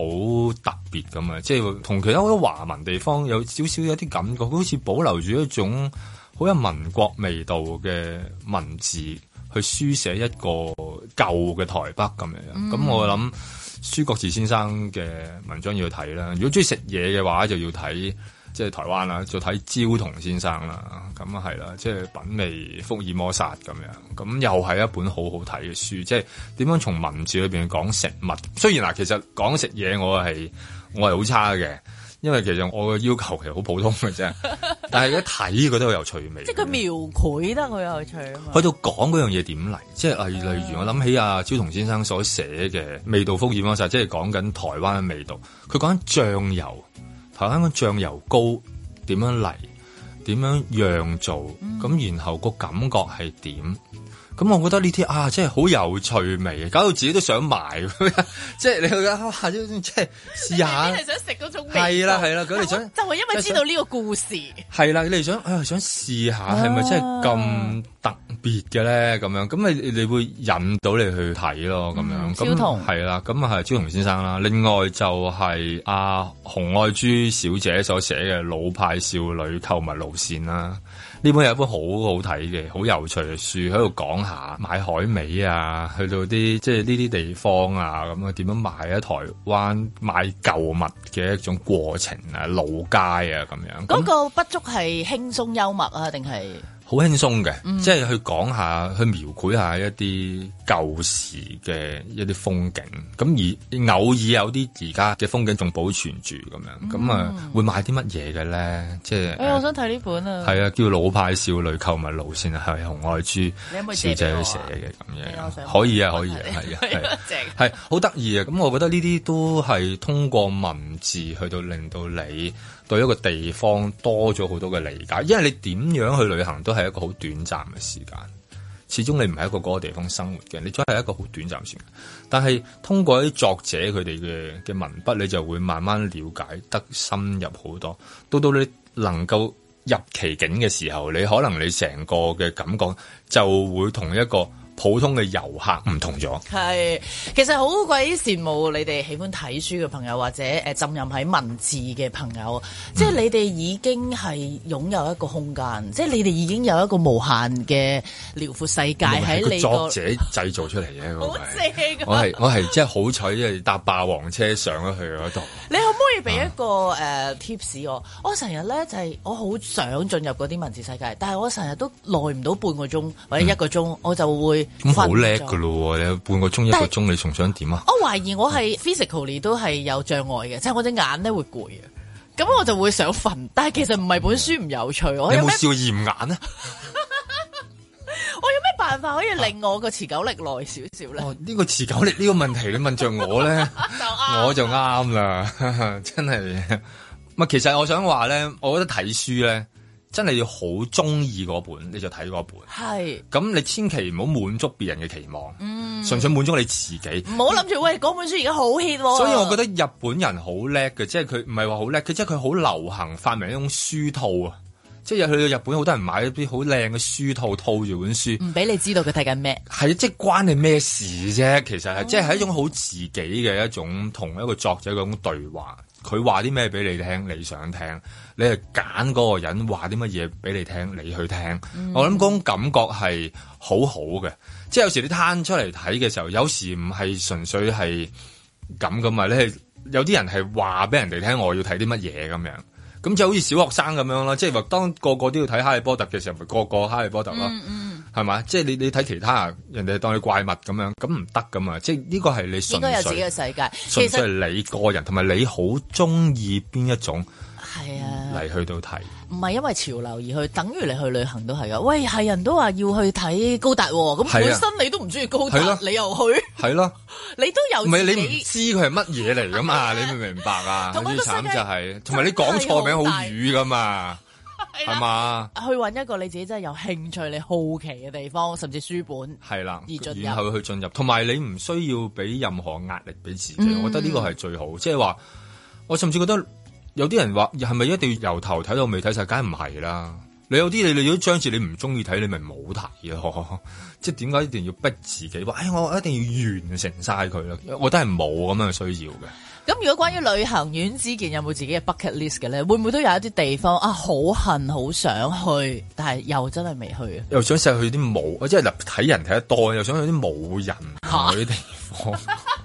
特別咁啊！即係同其他好多華文地方有少少有啲感覺，佢好似保留住一種好有民國味道嘅文字去書寫一個舊嘅台北咁樣樣。咁、嗯、我諗舒國治先生嘅文章要睇啦。如果中意食嘢嘅話，就要睇。即係台灣啦，就睇焦桐先生啦，咁係啦，即係品味福爾摩沙咁樣，咁又係一本好好睇嘅書。即係點樣從文字裏邊講食物？雖然嗱，其實講食嘢我係我係好差嘅，因為其實我嘅要求其實好普通嘅啫。但係一睇覺得好有趣味。 即係佢描繪得我有趣啊嘛。喺度講嗰樣嘢點嚟？即係、嗯、例如我諗起阿焦桐先生所寫嘅《味道福爾摩沙》，即係講緊台灣嘅味道。佢講緊醬油。台灣個醬油膏點樣嚟？點樣釀造？咁、嗯、然後個感覺係點？咁、嗯、我覺得呢啲啊，真係好有趣味，搞到自己都想買。呵呵即係你覺得哇，即係試下。係想食嗰種味道。係啦係啦，咁你想，想就係因為知道呢個故事。係啦，你想、啊、想試下係咪真係咁特別嘅咧？咁樣咁你會引到你去睇咯。咁樣。咁、嗯、同係啦，咁啊係朱彤先生啦。另外就係、是、阿、啊、洪愛珠小姐所寫嘅《老派少女購物路線》啦。呢本有一本好好睇嘅，好有趣嘅書，嘅樹喺度講下買海味啊，去到啲即係呢啲地方啊，咁啊點樣買喺台灣買舊物嘅一種過程啊，老街啊咁樣。嗰、那個不足係輕鬆幽默啊，定係？好輕鬆嘅，即係去講下，去描繪下一啲舊時嘅一啲風景，咁而偶爾有啲而家嘅風景仲保存住咁樣，咁、嗯、啊會買啲乜嘢嘅咧？即係、哎啊、我想睇呢本啊，係啊，叫《老派少女購物路線》，係洪愛珠有有、啊、小姐寫嘅咁樣可、啊，可以啊，可以係啊，係好得意啊！咁、啊啊 啊啊、我覺得呢啲都係通過文字去到令到你。對一個地方多咗好多嘅理解，因為你點樣去旅行都係一個好短暫嘅時間，始終你唔係一個嗰個地方生活嘅，你都係一個好短暫時間。但係通過啲作者佢哋嘅嘅文筆，你就會慢慢了解得深入好多。到到你能夠入其境嘅時候，你可能你成個嘅感覺就會同一個。普通嘅遊客唔同咗，係其實好鬼羨慕你哋喜歡睇書嘅朋友，或者誒、啊、浸淫喺文字嘅朋友，嗯、即係你哋已經係擁有一個空間，嗯、即係你哋已經有一個無限嘅遼闊世界喺、嗯、作者製造出嚟嘅、嗯那個，好正、啊、我係我係即係好彩，即係搭霸王車上咗去嗰度。你可唔可以俾一個誒貼士我？我成日咧就係、是、我好想進入嗰啲文字世界，但係我成日都耐唔到半個鐘或者一個鐘、嗯，我就會。咁好叻噶咯，你有半個鐘一個鐘，你仲想點啊？我懷疑我係 physically 都係有障礙嘅，即、就、係、是、我隻眼咧會攰啊，咁我就會想瞓。但係其實唔係本書唔有趣，我有冇試過驗眼啊？ 我有咩辦法可以令我個持久力，哦，這個持久力耐少少咧？呢個持久力呢個問題你問着我咧 我就啱啦，真係。其實我想話咧，我覺得睇書咧。真係要好中意嗰本，你就睇嗰本。係。咁你千祈唔好滿足別人嘅期望、嗯，純粹滿足你自己。唔好諗住，喂，嗰本書而家好 hit。所以，我覺得日本人好叻嘅，即係佢唔係話好叻，佢即係佢好流行發明一種書套啊！即係去到日本，好多人買一啲好靚嘅書套，套住本書，唔俾你知道佢睇緊咩。係，即係關你咩事啫？其實係、嗯，即係係一種好自己嘅一種同一個作者嘅一種對話。佢話啲咩俾你聽，你想聽，你係揀嗰個人話啲乜嘢俾你聽，你去聽。嗯、我諗嗰種感覺係好好嘅，即係有時你攤出嚟睇嘅時候，有時唔係純粹係咁㗎嘛。你係有啲人係話俾人哋聽，我要睇啲乜嘢咁樣。咁就好似小學生咁樣啦，即係話當個個都要睇《哈利波特》嘅時候，咪個個《哈利波特》咯、嗯。係嘛？即係你你睇 in teeth 其他人哋當佢怪物咁樣，咁唔得噶嘛？即係呢個係你應該有自己嘅世界。純粹係你個人同埋你好中意邊一種，係啊嚟去到睇，唔係因為潮流而去，等於你去旅行都係噶。喂，係人都話要去睇高達，咁本身你都唔中意高達，啊、你又去？係 咯、啊，你都有唔係？你唔知佢係乜嘢嚟噶嘛？你明唔明白啊？慘就是、好慘就係，同埋你講錯名好瘀噶嘛？係嘛？去揾一個你自己真係有興趣、你好奇嘅地方，甚至書本，係啦，而進去進入，同埋你唔需要俾任何壓力俾自己、嗯，我覺得呢個係最好。即係話，我甚至覺得有啲人話，係咪一定要由頭睇到尾睇晒？梗係唔係啦。你有啲你你如果章節你唔中意睇，你咪冇睇咯。即係點解一定要逼自己？話哎，我一定要完成晒佢咯。我覺得係冇咁樣嘅需要嘅。咁如果關於旅行，袁子健有冇自己嘅 bucket list 嘅咧？會唔會都有一啲地方啊？好恨好想去，但係又真係未去。又想試去啲冇，即係嗱睇人睇得多，又想去啲冇人嗰啲哈地方。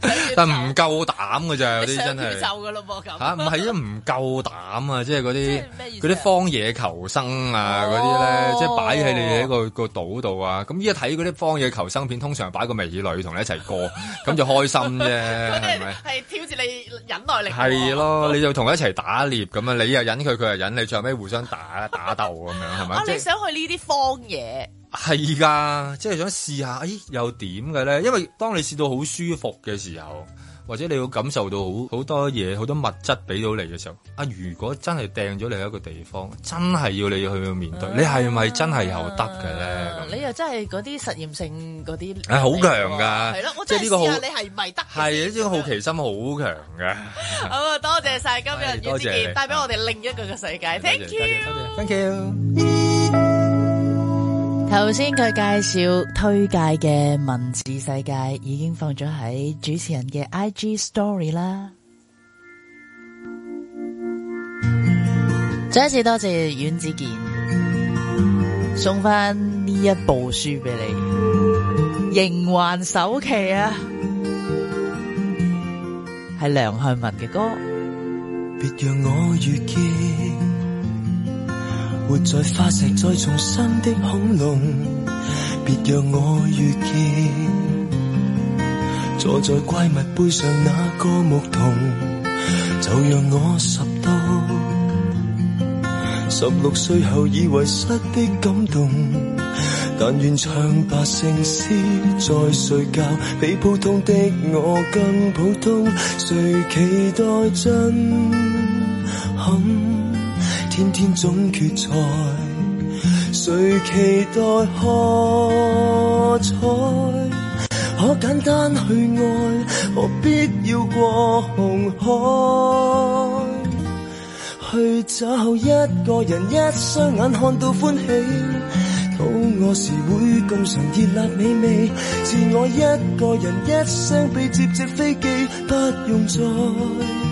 但唔夠膽嘅咋，嗰啲真係，上宇宙嘅咯噃吓，唔係因為唔夠膽啊！即係嗰啲嗰啲荒野求生啊嗰啲咧，即係擺喺你喺個個島度啊！咁依家睇嗰啲荒野求生片，通常擺個美女同你一齊過，咁就開心啫，係 咪？係挑戰你忍耐力，啊，係咯，你就同佢一齊打獵咁啊！你又忍佢，佢又忍你，最後尾互相打打鬥咁樣係咪？啊！你想去呢啲荒野？係噶即係想試下，咦又點嘅？咧？因為當你試到好舒服嘅時候，或者你會感受到好好多嘢，好多物質俾到你嘅時候，啊，如果真係掟咗你一個地方，真係要你要去面對，啊、你係咪真係又得嘅咧，啊？你又真係嗰啲實驗性嗰啲，好強噶，係咯，即係呢個好，試試你係咪得？係呢、呢個好奇心強 好強㗎！好、哎、啊，啊，多謝晒今日嘅主持，帶俾我哋另一個嘅世界。Thank you，thank you。頭先佢介紹推介嘅文字世界已經放咗喺主持人嘅 I G Story 啦， 再一次多謝阮子健送翻呢一部書俾你，仍還首期啊，係梁漢文嘅歌，別讓我遇見。活在化石、再重生的恐龍，別讓我遇見坐在怪物背上那個牧童，就讓我拾到十六歲後已遺失的感動。但願唱罷聖詩再睡覺，比普通的我更普通。誰期待震撼？天天總決賽，誰期待喝彩？可簡單去愛，何必要過紅海？去找一個人，一雙眼看到歡喜，肚餓時會共嘗熱辣美味。自我一個人，一雙臂接接飛機，不用再。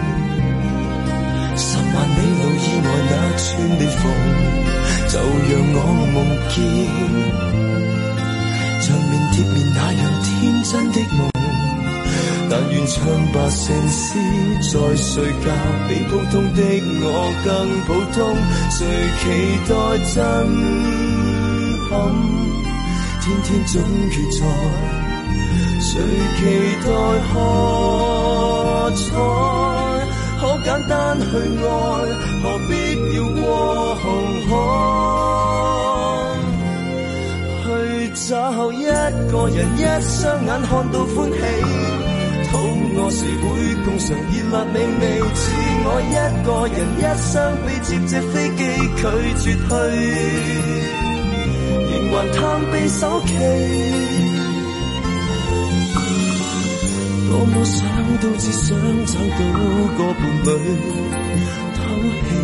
你露意外那串裂縫，就讓我夢見，像面貼面那樣天真的夢。但願唱白成詩在，再睡覺比普通的我更普通。誰期待震撼？天天總決賽，誰期待喝彩？可簡單去愛，何必要過紅海？去找一個人，一雙眼看到歡喜。肚餓時會共嘗熱辣美味，自我一個人，一雙臂接隻飛機，拒絕去，仍還貪杯首期。多麼想都只想找到個伴侶，偷氣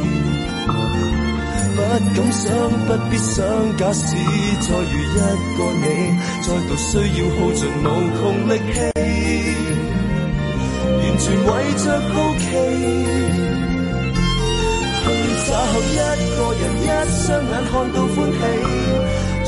不敢想，不必想。假使再遇一個你，再度需要耗盡無窮力氣，完全為着好奇，去找尋一個人，一雙眼看到歡喜。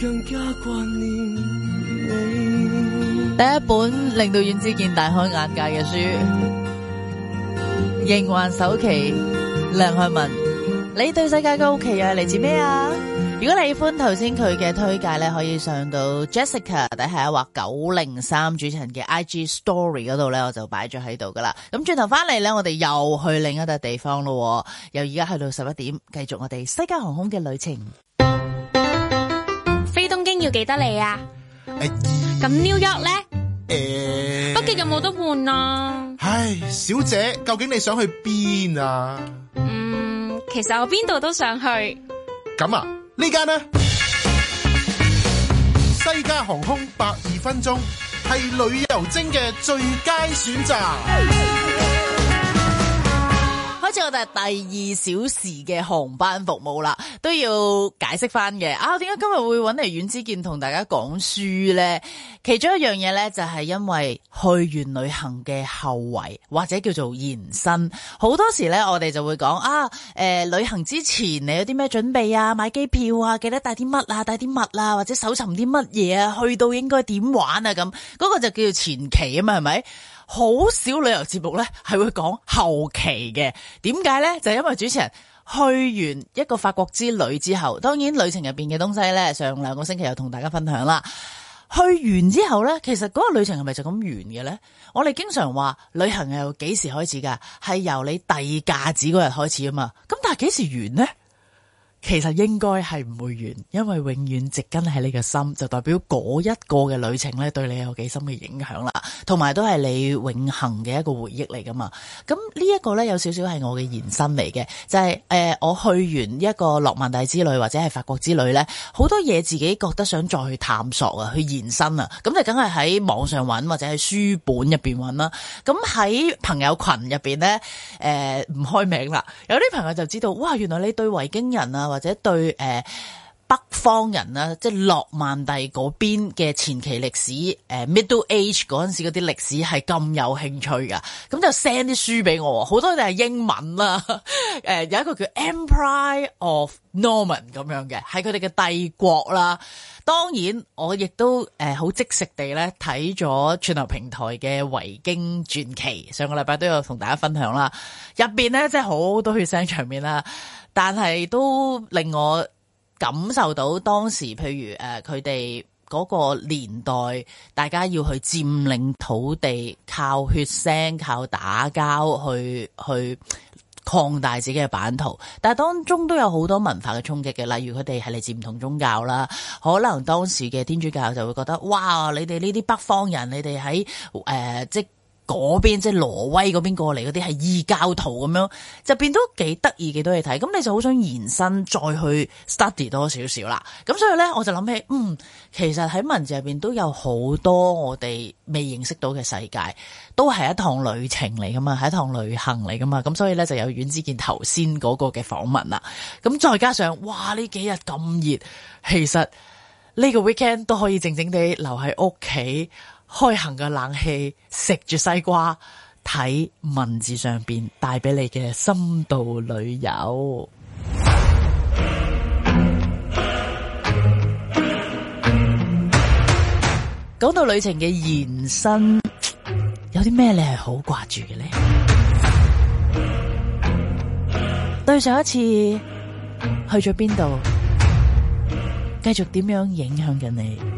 更加掛念你第一本令到阮之健大開眼界嘅書《認還首期》，梁漢文。你對世界嘅好奇又係嚟自咩啊？如果你喜歡頭先佢嘅推介咧，可以上到 Jessica 底下畫九零三主持人嘅 IG Story 嗰度咧，我就擺咗喺度噶啦。咁轉頭翻嚟咧，我哋又去另一笪地方咯。由而家去到十一點，繼續我哋西加航空嘅旅程。記得你啊，咁 New York 咧？誒、欸欸，北京有冇得換啊？唉，小姐，究竟你想去邊啊？嗯，其實我邊度都想去。咁啊，呢間呢？西加 航空百二分鐘係旅遊精嘅最佳選擇。好似我哋第二小時嘅航班服務啦，都要解釋翻嘅。啊，點解今日會揾嚟阮之健同大家講書呢？其中一樣嘢呢，就係因為去完旅行嘅後遺或者叫做延伸。好多時呢，我哋就會講啊、呃，旅行之前你有啲咩準備啊？買機票啊？記得帶啲乜啊？帶啲乜啊？或者搜尋啲乜嘢啊？去到應該點玩啊？咁嗰、嗰個就叫前期啊嘛，係咪？好少旅遊節目呢係會講後期嘅，點解呢？就係因為主持人去完一個法國之旅之後，當然旅程入邊嘅東西呢，上兩個星期又同大家分享啦。去完之後呢，其實嗰個旅程係咪就咁完嘅呢？我哋經常話旅行係由幾時開始噶係由你遞假紙嗰日開始啊嘛。咁但係幾時完呢？其實應該係唔會完，因為永遠植根喺你嘅心，就代表嗰一個嘅旅程咧，對你有幾深嘅影響啦，同埋都係你永恒嘅一個回憶嚟噶嘛。咁呢一個咧有少少係我嘅延伸嚟嘅，就係、是、誒、呃、我去完一個諾曼底之旅或者係法國之旅咧，好多嘢自己覺得想再去探索啊，去延伸啊，咁就梗係喺網上揾或者喺書本入邊揾啦。咁喺朋友群入邊咧，誒、呃、唔開名啦，有啲朋友就知道，哇，原來你對維京人啊！或者對誒、呃、北方人啦，即係諾曼第嗰邊嘅前期歷史，誒、呃、Middle Age 嗰陣時嗰啲歷史係咁有興趣噶，咁就 send 啲書俾我，好多就係英文啦。誒、啊呃，有一個叫 Empire of Norman 咁樣嘅，係佢哋嘅帝國啦、啊。當然我亦都誒好、呃、即食地咧睇咗串流平台嘅《維京傳奇》，上個禮拜都有同大家分享啦，入邊咧即係好多血腥場面啦。但係都令我感受到當時，譬如誒佢哋嗰個年代，大家要去佔領土地，靠血腥、靠打交去去擴大自己嘅版圖。但係當中都有好多文化嘅衝擊嘅，例如佢哋係嚟自唔同宗教啦。可能當時嘅天主教就會覺得，哇！你哋呢啲北方人，你哋喺、呃、即。嗰邊即係挪威嗰邊過嚟嗰啲係異教徒咁樣，就變都幾得意，幾多嘢睇。咁你就好想延伸再去 study 多少少啦。咁所以咧，我就諗起，嗯，其實喺文字入邊都有好多我哋未認識到嘅世界，都係一趟旅程嚟噶嘛，係一趟旅行嚟噶嘛。咁所以咧，就有阮之健頭先嗰個嘅訪問啦。咁再加上，哇！呢幾日咁熱，其實呢個 weekend 都可以靜靜地留喺屋企。開行嘅冷氣，食住西瓜，睇文字上邊帶俾你嘅深度旅遊。講到旅程嘅延伸，有啲咩你係好掛住嘅呢？對上一次去咗邊度，繼續點樣影響緊你？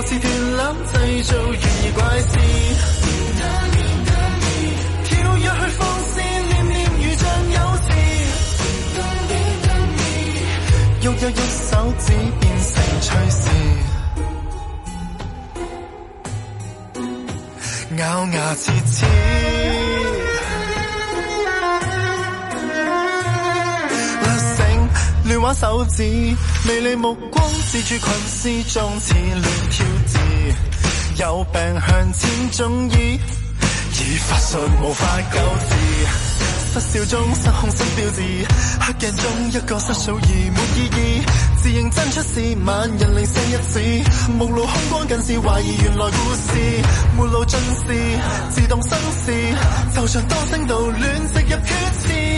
我是斷纜製造異怪事等 a 等 d 跳入去放肆，念念如像有情 d a 等 d 喐喐，一手指變成趣事，咬牙切齒。玩手指，迷離目光自主群，蜘蛛群絲中似亂挑字。有病向千種醫，已發誓無法救治。失笑中失控失標致，黑鏡中一個失數而沒意義。自認真出事，萬人零星一死，目露空光，更是懷疑原來故事末路盡視，自動生事，就像多星道亂直入缺字。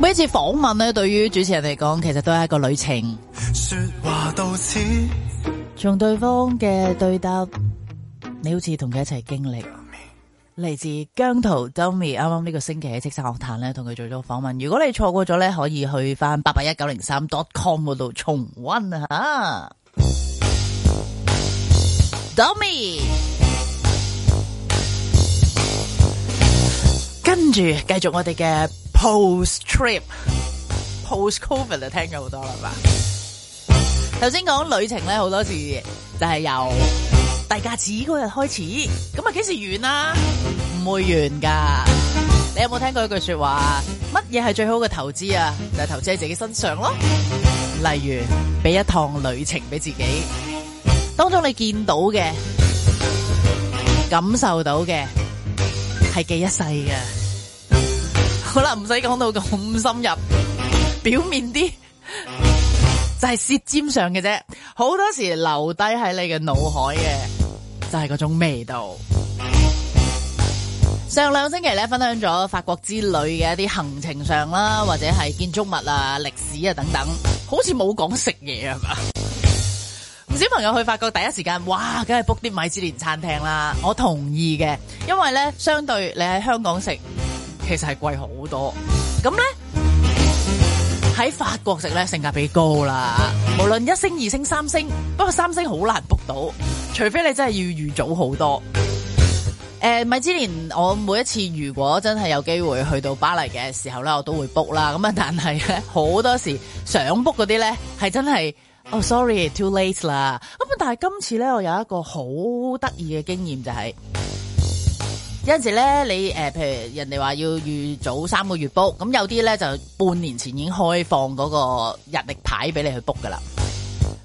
每一次訪問咧，對於主持人嚟講，其實都係一個旅程。說話到此，從對方嘅對答，你好似同佢一齊經歷。嚟自姜濤 Dummy，啱啱呢個星期喺叱咤樂壇咧同佢做咗訪問。如果你錯過咗咧，可以去翻八八一九零三 .com 嗰度重温下。Dummy。跟住繼續我哋嘅 post trip，post covid 就聽咗好多啦吧。頭先講旅程咧，好多時就係由大架子嗰日開始，咁啊幾時完啊？唔會完噶。你有冇聽過一句說話啊？乜嘢係最好嘅投資啊？就係投資喺自己身上咯。例如俾一趟旅程俾自己，當中你見到嘅、感受到嘅係記一世嘅。好啦，唔使講到咁深入，表面啲就係舌尖上嘅啫。好多時留低喺你嘅腦海嘅就係嗰種味道。上兩星期咧分享咗法國之旅嘅一啲行程上啦，或者係建築物啊、歷史啊等等，好似冇講食嘢係嘛。唔少朋友去法國第一時間，哇，梗係 book 啲米芝蓮餐廳啦。我同意嘅，因為咧相對你喺香港食。其實係貴好多，咁呢，喺法國食呢，性價比高啦。無論一星、二星、三星，不過三星好難 book 到，除非你真係要預早好多。誒、呃，米芝蓮，我每一次如果真係有機會去到巴黎嘅時候呢，我都會 book 啦。咁啊，但係呢，好多時想 book 嗰啲呢，係真係哦、oh，sorry，too late 啦。咁但係今次呢，我有一個好得意嘅經驗就係、是。有陣時咧，你誒，譬如人哋話要預早三個月 book，咁有啲咧就半年前已經開放嗰個日曆牌俾你去 book 噶啦。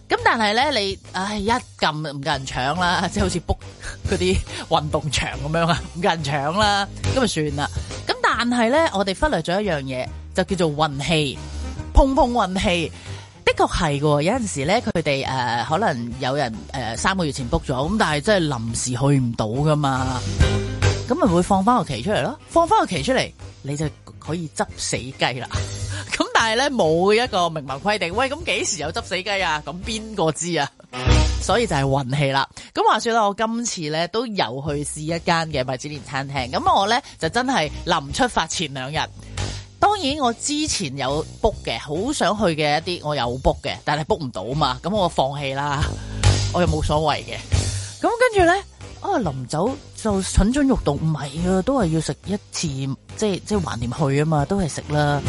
咁但係咧，你唉、哎、一撳唔夠人搶啦，即係好似 book 嗰啲運動場咁樣啊，唔夠人搶啦，咁就算啦。咁但係咧，我哋忽略咗一樣嘢，就叫做運氣，碰碰運氣，的確係嘅。有陣時咧，佢哋誒，可能有人誒、呃、三個月前 book 咗，咁但係真係臨時去唔到噶嘛。咁咪會放翻個期出嚟咯，放翻個期出嚟，你就可以執死雞啦。咁 但係咧冇一個明文規定，喂，咁幾時有執死雞啊？咁邊個知啊？ 所以就係運氣啦。咁話說啦，我今次咧都有去試一間嘅米芝蓮餐廳。咁我咧就真係臨出發前兩日，當然我之前有 book 嘅，好想去嘅一啲我有 book 嘅，但係 book 唔到嘛。咁我放棄啦，我又冇所謂嘅。咁跟住咧。啊！臨走就蠢蠢欲動，唔係啊，都係要食一次，即係即係還掂去啊嘛，都係食啦。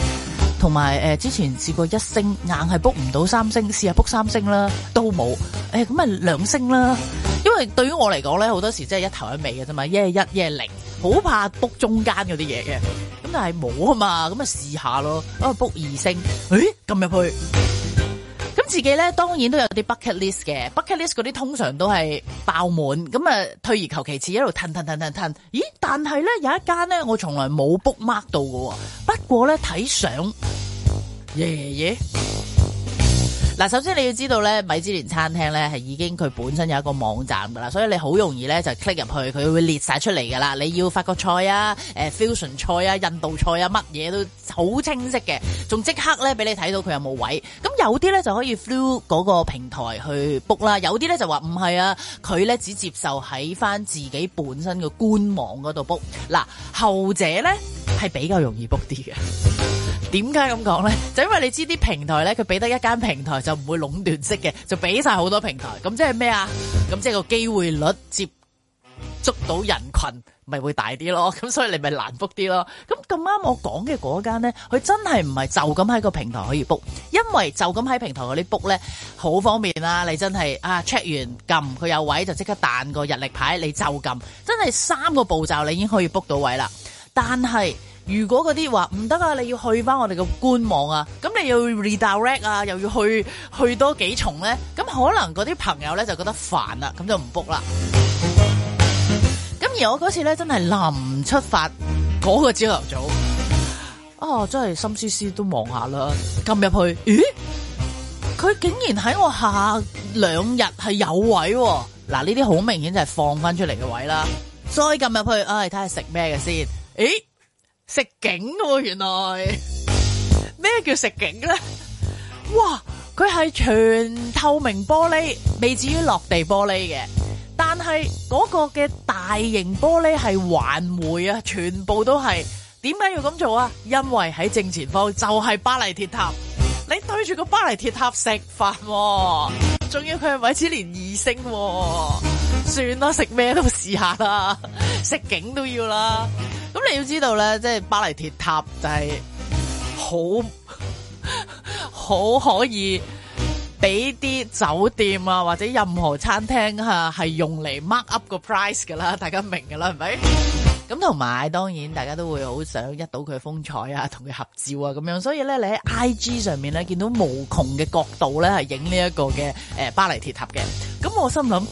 同埋誒，之前試過一星，硬係卜唔到三星，試下卜三星啦，都冇。咁、欸、咪兩星啦。因為對於我嚟講咧，好多時真係一頭一尾嘅啫嘛，一係一，一係零，好怕卜中間嗰啲嘢嘅。咁但係冇啊嘛，咁咪試下咯。啊，卜二星，咦，撳入去。自己咧當然都有啲 bucket list 嘅，bucket list 嗰啲通常都係爆滿，咁啊退而求其次一路褪褪褪褪褪，咦？但係咧有一間咧我從來冇 book mark 到嘅喎，不過咧睇相，爺爺。嗱，首先你要知道咧，米芝蓮餐廳咧係已經佢本身有一個網站噶啦，所以你好容易咧就 click 入去，佢會列晒出嚟噶啦。你要法國菜啊、fusion 菜啊、印度菜啊，乜嘢都好清晰嘅，仲即刻咧俾你睇到佢有冇位。咁有啲咧就可以 follow 嗰個平台去 book 啦，有啲咧就話唔係啊，佢咧只接受喺翻自己本身嘅官網嗰度 book。嗱，後者咧係比較容易 book 啲嘅。點解咁講呢？就因為你知啲平台呢，佢俾得一間平台就唔會壟斷式嘅，就俾晒好多平台。咁即係咩啊？咁即係個機會率接觸到人群，咪會大啲咯。咁所以你咪難 book 啲咯。咁咁啱我講嘅嗰間呢，佢真係唔係就咁喺個平台可以 book，因為就咁喺平台嗰啲 book 呢，好方便啦。你真係啊 check 完撳，佢有位就即刻彈個日曆牌，你就撳，真係三個步驟你已經可以 book 到位啦。但係，如果嗰啲話唔得啊，你要去翻我哋個官網啊，咁你要 redirect 啊，又要去去多幾重咧，咁可能嗰啲朋友咧就覺得煩啦，咁就唔 book 啦。咁 而我嗰次咧真係臨出發嗰個朝頭早，啊真係心思思都望下啦，撳入去，咦，佢竟然喺我下兩日係有位，啊，嗱呢啲好明顯就係放翻出嚟嘅位啦。再撳入去，唉睇下食咩嘅先，誒。食景喎、哦，原來咩叫食景咧？哇，佢係全透明玻璃，未至於落地玻璃嘅。但係嗰個嘅大型玻璃係環迴啊，全部都係。點解要咁做啊？因為喺正前方就係巴黎鐵塔，你對住個巴黎鐵塔食飯、啊，仲要佢係米芝蓮二星、啊。算啦，食咩都試下啦，食景都要啦。咁你要知道咧，即係巴黎鐵塔就係好好可以俾啲酒店啊，或者任何餐廳吓，係用嚟 mark up 個 price 噶啦大家明噶啦係咪？咁同埋當然，大家都會好想一睹佢嘅風采啊，同佢合照啊，咁樣。所以咧，你喺 IG 上面咧，見到無窮嘅角度咧係影呢一個嘅，誒、欸、巴黎鐵塔嘅。咁我心諗。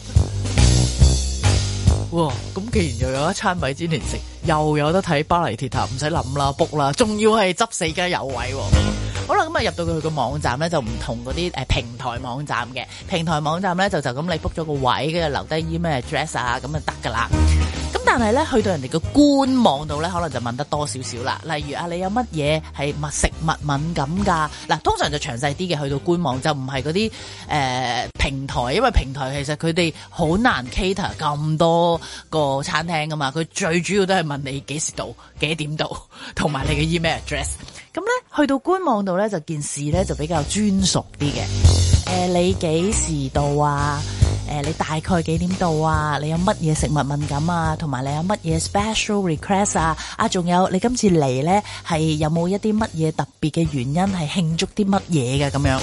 哇！咁既然又有一餐米芝蓮食，又有得睇巴黎鐵塔，唔使諗啦，book 啦，仲要係執死雞有位啊。 好啦，咁啊入到佢個網站咧，就唔同嗰啲誒平台網站嘅平台網站咧，就就咁你 book 咗個位，跟住留低啲咩 dress 啊，咁就得噶啦。 但係咧，去到人哋嘅官網度咧，可能就問得多少少啦。例如啊，你有乜嘢係物食物敏感噶？嗱，通常就詳細啲嘅，去到官網就唔係嗰啲誒平台，因為平台其實佢哋好難 cater 咁多個餐廳噶嘛。佢最主要都係問你幾時到，幾點到，同埋你嘅 email address。咁咧，去到官網度咧，就件事咧就比較專屬啲嘅。誒、呃，你幾時到啊？誒、呃，你大概幾點到啊？你有乜嘢食物敏感啊？同埋你有乜嘢 special request 啊？啊，仲有你今次嚟咧，係有冇一啲乜嘢特別嘅原因係慶祝啲乜嘢嘅咁樣？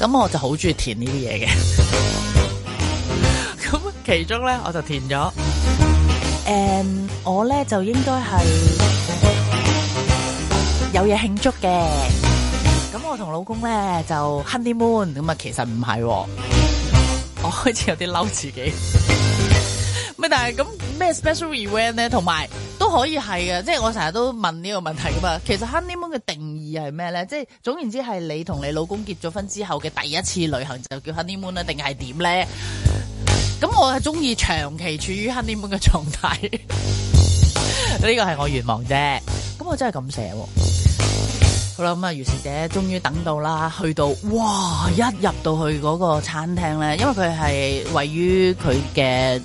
咁我就好中意填呢啲嘢嘅。咁 其中咧，我就填咗。誒，我咧就應該係有嘢慶祝嘅。咁我同老公咧就 honeymoon，咁啊其實唔係、啊。我開始有啲嬲自己， 咩？但係咁咩 special event 咧？同埋都可以係嘅，即係我成日都問呢個問題噶嘛。其實 honeymoon 嘅定義係咩咧？即係總言之係你同你老公結咗婚之後嘅第一次旅行就叫 honeymoon 啦，定係點咧？咁我係中意長期處於 honeymoon 嘅狀態，呢個係我願望啫。咁我真係咁寫。好啦，咁啊，如是者終於等到啦，去到，哇！一入到去嗰個餐廳咧，因為佢係位於佢嘅，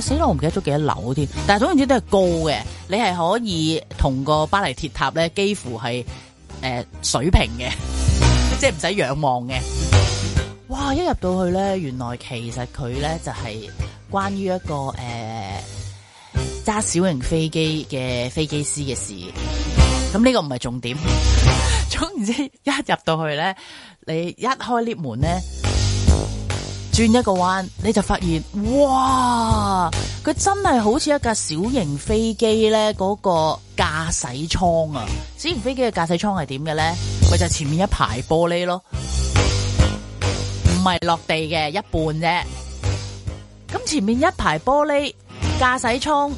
死啦，我唔記得咗幾多樓添，但係總言之都係高嘅，你係可以同個巴黎鐵塔咧幾乎係誒、呃、水平嘅，即係唔使仰望嘅。哇！一入到去咧，原來其實佢咧就係、是、關於一個誒揸、呃、小型飛機嘅飛機師嘅事，咁呢個唔係重點。總然之一入到去咧，你一開 lift 門咧，轉一個彎你就發現，哇！佢真係好似一架小型飛機咧，嗰個駕駛艙啊！小型飛機嘅駕駛艙係點嘅咧？咪就前面一排玻璃咯，唔係落地嘅一半啫。咁前面一排玻璃駕駛艙。駕駛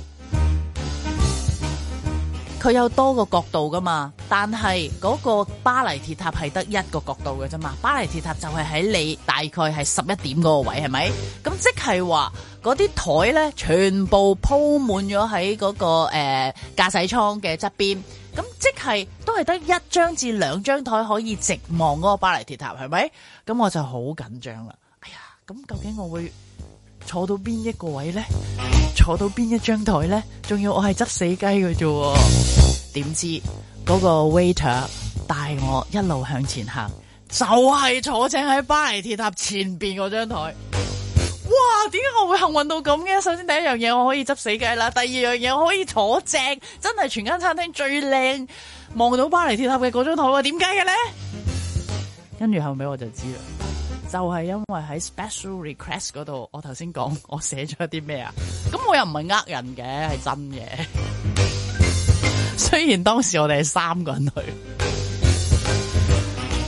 佢有多個角度㗎嘛？但係嗰個巴黎鐵塔係得一個角度嘅啫嘛。巴黎鐵塔就係喺你大概係十一點嗰個位，係咪？咁即係話嗰啲台呢，全部鋪滿咗喺嗰個誒、呃、駕駛艙嘅側邊。咁即係都係得一張至兩張台可以直望嗰個巴黎鐵塔，係咪？咁我就好緊張啦。哎呀，咁究竟我會坐到邊一個位呢？坐到邊一張台呢？仲要我係執死雞嘅啫？點知嗰個 waiter 帶我一路向前行，就係坐正喺巴黎鐵塔前邊嗰張台。哇！點解我會幸運到咁嘅？首先第一樣嘢我可以執死雞啦，第二樣嘢我可以坐正，真係全間餐廳最靚，望到巴黎鐵塔嘅嗰張台。點解嘅呢？跟住後尾我就知啦。就係因為喺 special request 嗰度，我頭先講我寫咗一啲咩啊？咁我又唔係呃人嘅，係真嘅。 雖然當時我哋係三個人去，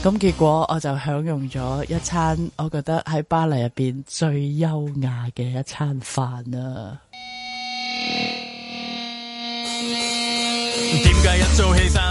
咁 結果我就享用咗一餐，我覺得喺巴黎入邊最優雅嘅一餐飯啊。點解一早起身？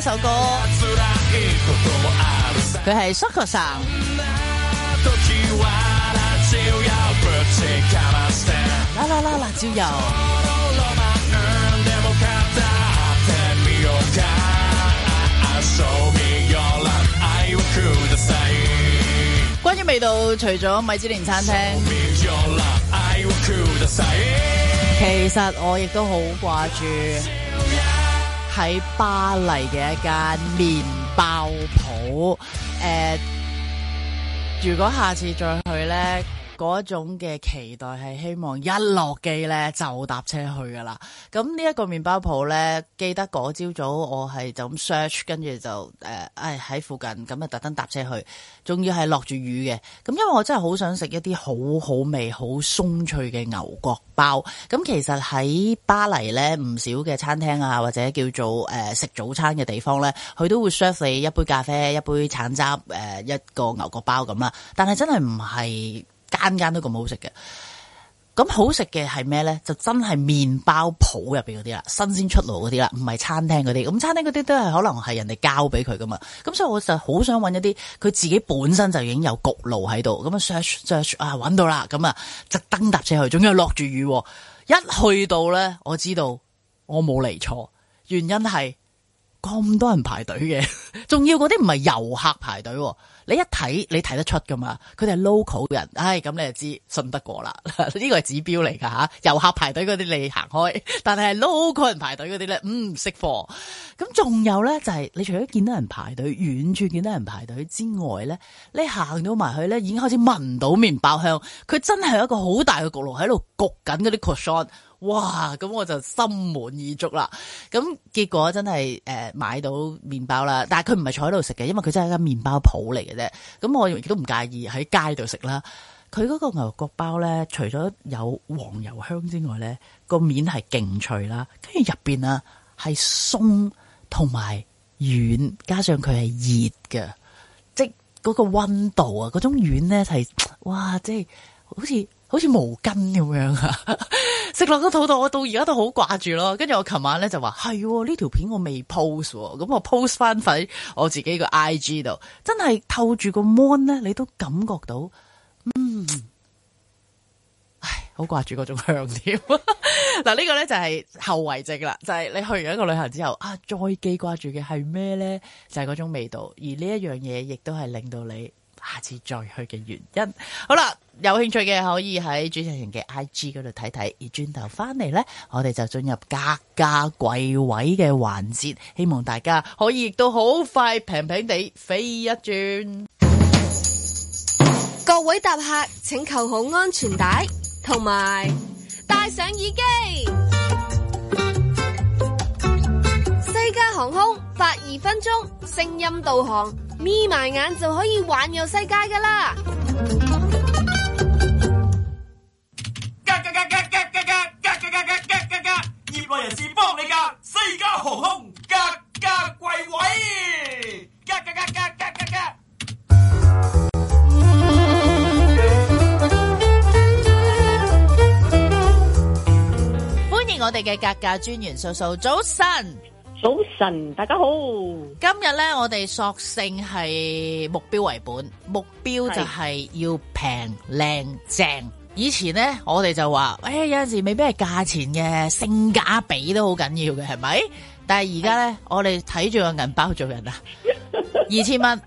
首歌，佢係 Soccer Star。啦啦啦，辣椒油。關於味道，除咗米芝蓮餐廳，其實我亦都好掛住。喺巴黎嘅一間麵包鋪，呃，如果下次再去呢，嗰種嘅期待係希望一落機呢就搭車去㗎啦。咁呢一個麵包鋪呢，記得嗰朝早我係就咁 search，跟住就誒、呃、喺附近，咁啊，特登搭車去，仲要係落住雨嘅。咁因為我真係好想食一啲好好味、好鬆脆嘅牛角包。咁其實喺巴黎呢，唔少嘅餐廳啊，或者叫做、呃、食早餐嘅地方呢，佢都會 serve 你一杯咖啡、一杯橙汁、呃、一個牛角包咁啦。但係真係唔係。間間都咁好食嘅，咁好食嘅係咩咧？就真係麵包鋪入邊嗰啲啦，新鮮出爐嗰啲啦，唔係餐廳嗰啲。咁餐廳嗰啲都係可能係人哋交俾佢噶嘛。咁所以我就好想搵一啲佢自己本身就已經有焗爐喺度。咁啊，search search 啊，搵到啦。咁啊，直登搭車去，仲要落住雨。一去到咧，我知道我冇嚟錯，原因係。咁多人排隊嘅，仲 要嗰啲唔係遊客排隊，啊，你一睇你睇得出噶嘛？佢哋係 local 人，唉，咁你就知信得過啦。呢個係指標嚟㗎嚇，遊客排隊嗰啲你行開，但係 local 人排隊嗰啲咧，嗯，唔識貨。咁仲有咧，就係、是、你除咗見到人排隊，遠處見到人排隊之外咧，你行到埋去咧，已經開始聞到麵包香。佢真係一個好大嘅焗爐喺度焗緊嗰啲 croissant。哇，咁我就心滿意足啦。咁結果真係誒、呃、買到麵包啦，但係佢唔係坐喺度食嘅，因為佢真係一間麵包鋪嚟嘅啫。咁我亦都唔介意喺街度食啦。佢嗰個牛角包咧，除咗有黃油香之外咧，個面係勁脆啦，跟住入邊啊係鬆同埋軟，加上佢係熱嘅，即係嗰個温度啊，嗰種軟咧係哇，即係好似～好似毛巾咁樣啊！食落個肚度，我到而家都好掛住咯。跟住我琴晚咧就話係呢條片我未 post，咁我 post 翻喺我自己 IG，個 IG 度，真係透住個 mon 咧，你都感覺到，嗯，唉，好掛住嗰種香添。嗱 呢個咧就係後遺症啦，就係、是、你去完一個旅行之後啊，再記掛住嘅係咩咧？就係、是、嗰種味道，而呢一樣嘢亦都係令到你下次再去嘅原因。好啦。有興趣嘅可以喺主持人嘅 IG 嗰度睇睇，而轉頭翻嚟，呢，我哋就進入格價櫃位嘅環節，希望大家可以亦都好快平平地飛一轉。各位搭客，請扣好安全帶，同埋戴上耳機。西加航空八二分鐘聲音導航，眯埋眼就可以環遊世界噶啦！格格格格格格格格格格格，業內人士幫你噶，西加航空格價櫃位，格格格格格格。歡迎我哋嘅格價專員素素，早晨，早晨，大家好。今日咧，我哋索性係目標為本，目標就係要平靚正。以前咧，我哋就話，誒、欸，有陣時未必係價錢嘅，性價比都好緊要嘅，係咪？但係而家咧，我哋睇住個銀包做人 有有啊，二千蚊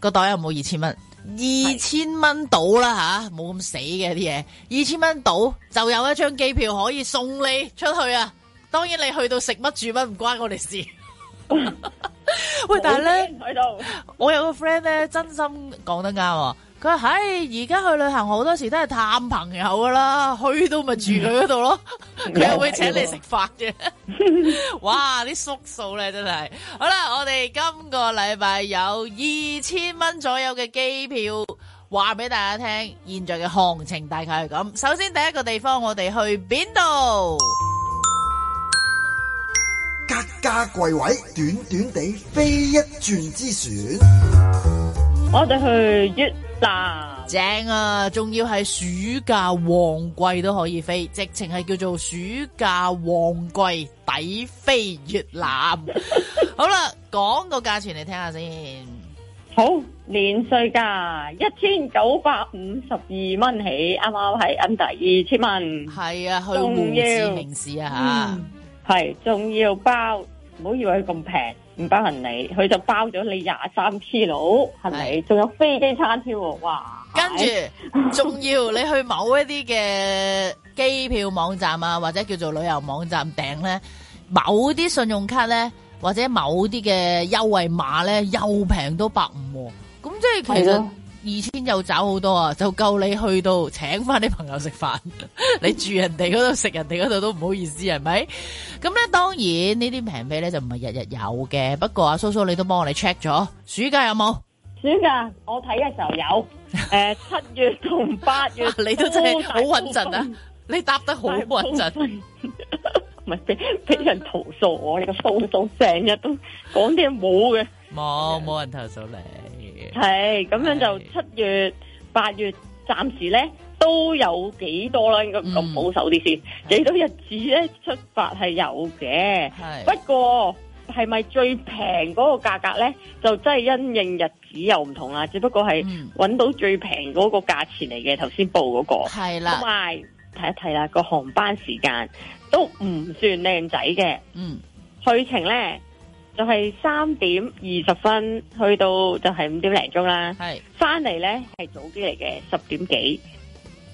個袋有冇二千蚊？二千蚊到啦吓，冇咁死嘅啲嘢，二千蚊到就有一張機票可以送你出去啊！當然你去到食乜住乜唔關我哋事。喂、 欸，但係咧，okay, 我有個 friend 咧，真心講得啱、喎。佢話：唉、哎，而家去旅行好多時都係探朋友噶啦，去到咪住佢嗰度咯，佢、嗯、又 會請你食飯嘅。 哇！啲宿數咧真係好啦，我哋今個禮拜有二千蚊左右嘅機票，話俾大家聽，現在嘅行情大概係咁。首先第一個地方，我哋去邊度？格價櫃位，短短地飛一轉之船，我哋去一。正啊，仲要係暑假旺季都可以飛，直情係叫做暑假旺季抵飛越南。好啦，講個價錢嚟聽下先。好，年稅價一千九百五十二蚊起，啱啱喺 under 二千蚊。係啊，去胡志明市啊吓，係仲要包，唔好以為佢咁平。唔包行李，佢就包咗你廿三公斤，係咪？仲有飛機餐添喎，哇！跟住仲 要，你去某一啲嘅機票網站啊，或者叫做旅遊網站訂咧，某啲信用卡咧，或者某啲嘅優惠碼咧，又平到百五喎，咁即係其實。二千又找好多啊，就夠你去到請翻啲朋友食飯。 你住人哋嗰度食人哋嗰度都唔好意思係咪？咁咧當然呢啲平飛咧就唔係日日有嘅，不過阿蘇蘇你都幫我哋 check 咗，暑假有冇？暑假我睇嘅時候有，誒、呃、七月同八月、 啊，你都真係好穩陣啊！你答得好穩陣，唔係俾俾人投訴我，你嘅風象成日都講啲冇嘅，冇冇人投訴你。係咁樣就七月 ,8 月暫時呢、八月，暫時咧都有幾多啦？應該咁、嗯、保守啲先，幾多日子咧出發係有嘅。係不過係咪最平嗰個價格咧？就真係因應日子又唔同啦。只不過係揾到最平嗰個價錢嚟嘅。頭先報嗰、個係啦，同埋睇一睇啦，個航班時間都唔算靚仔嘅。嗯，去程咧。就係三點二十分去到就係五點零鐘啦，係翻嚟咧係早機嚟嘅，十點幾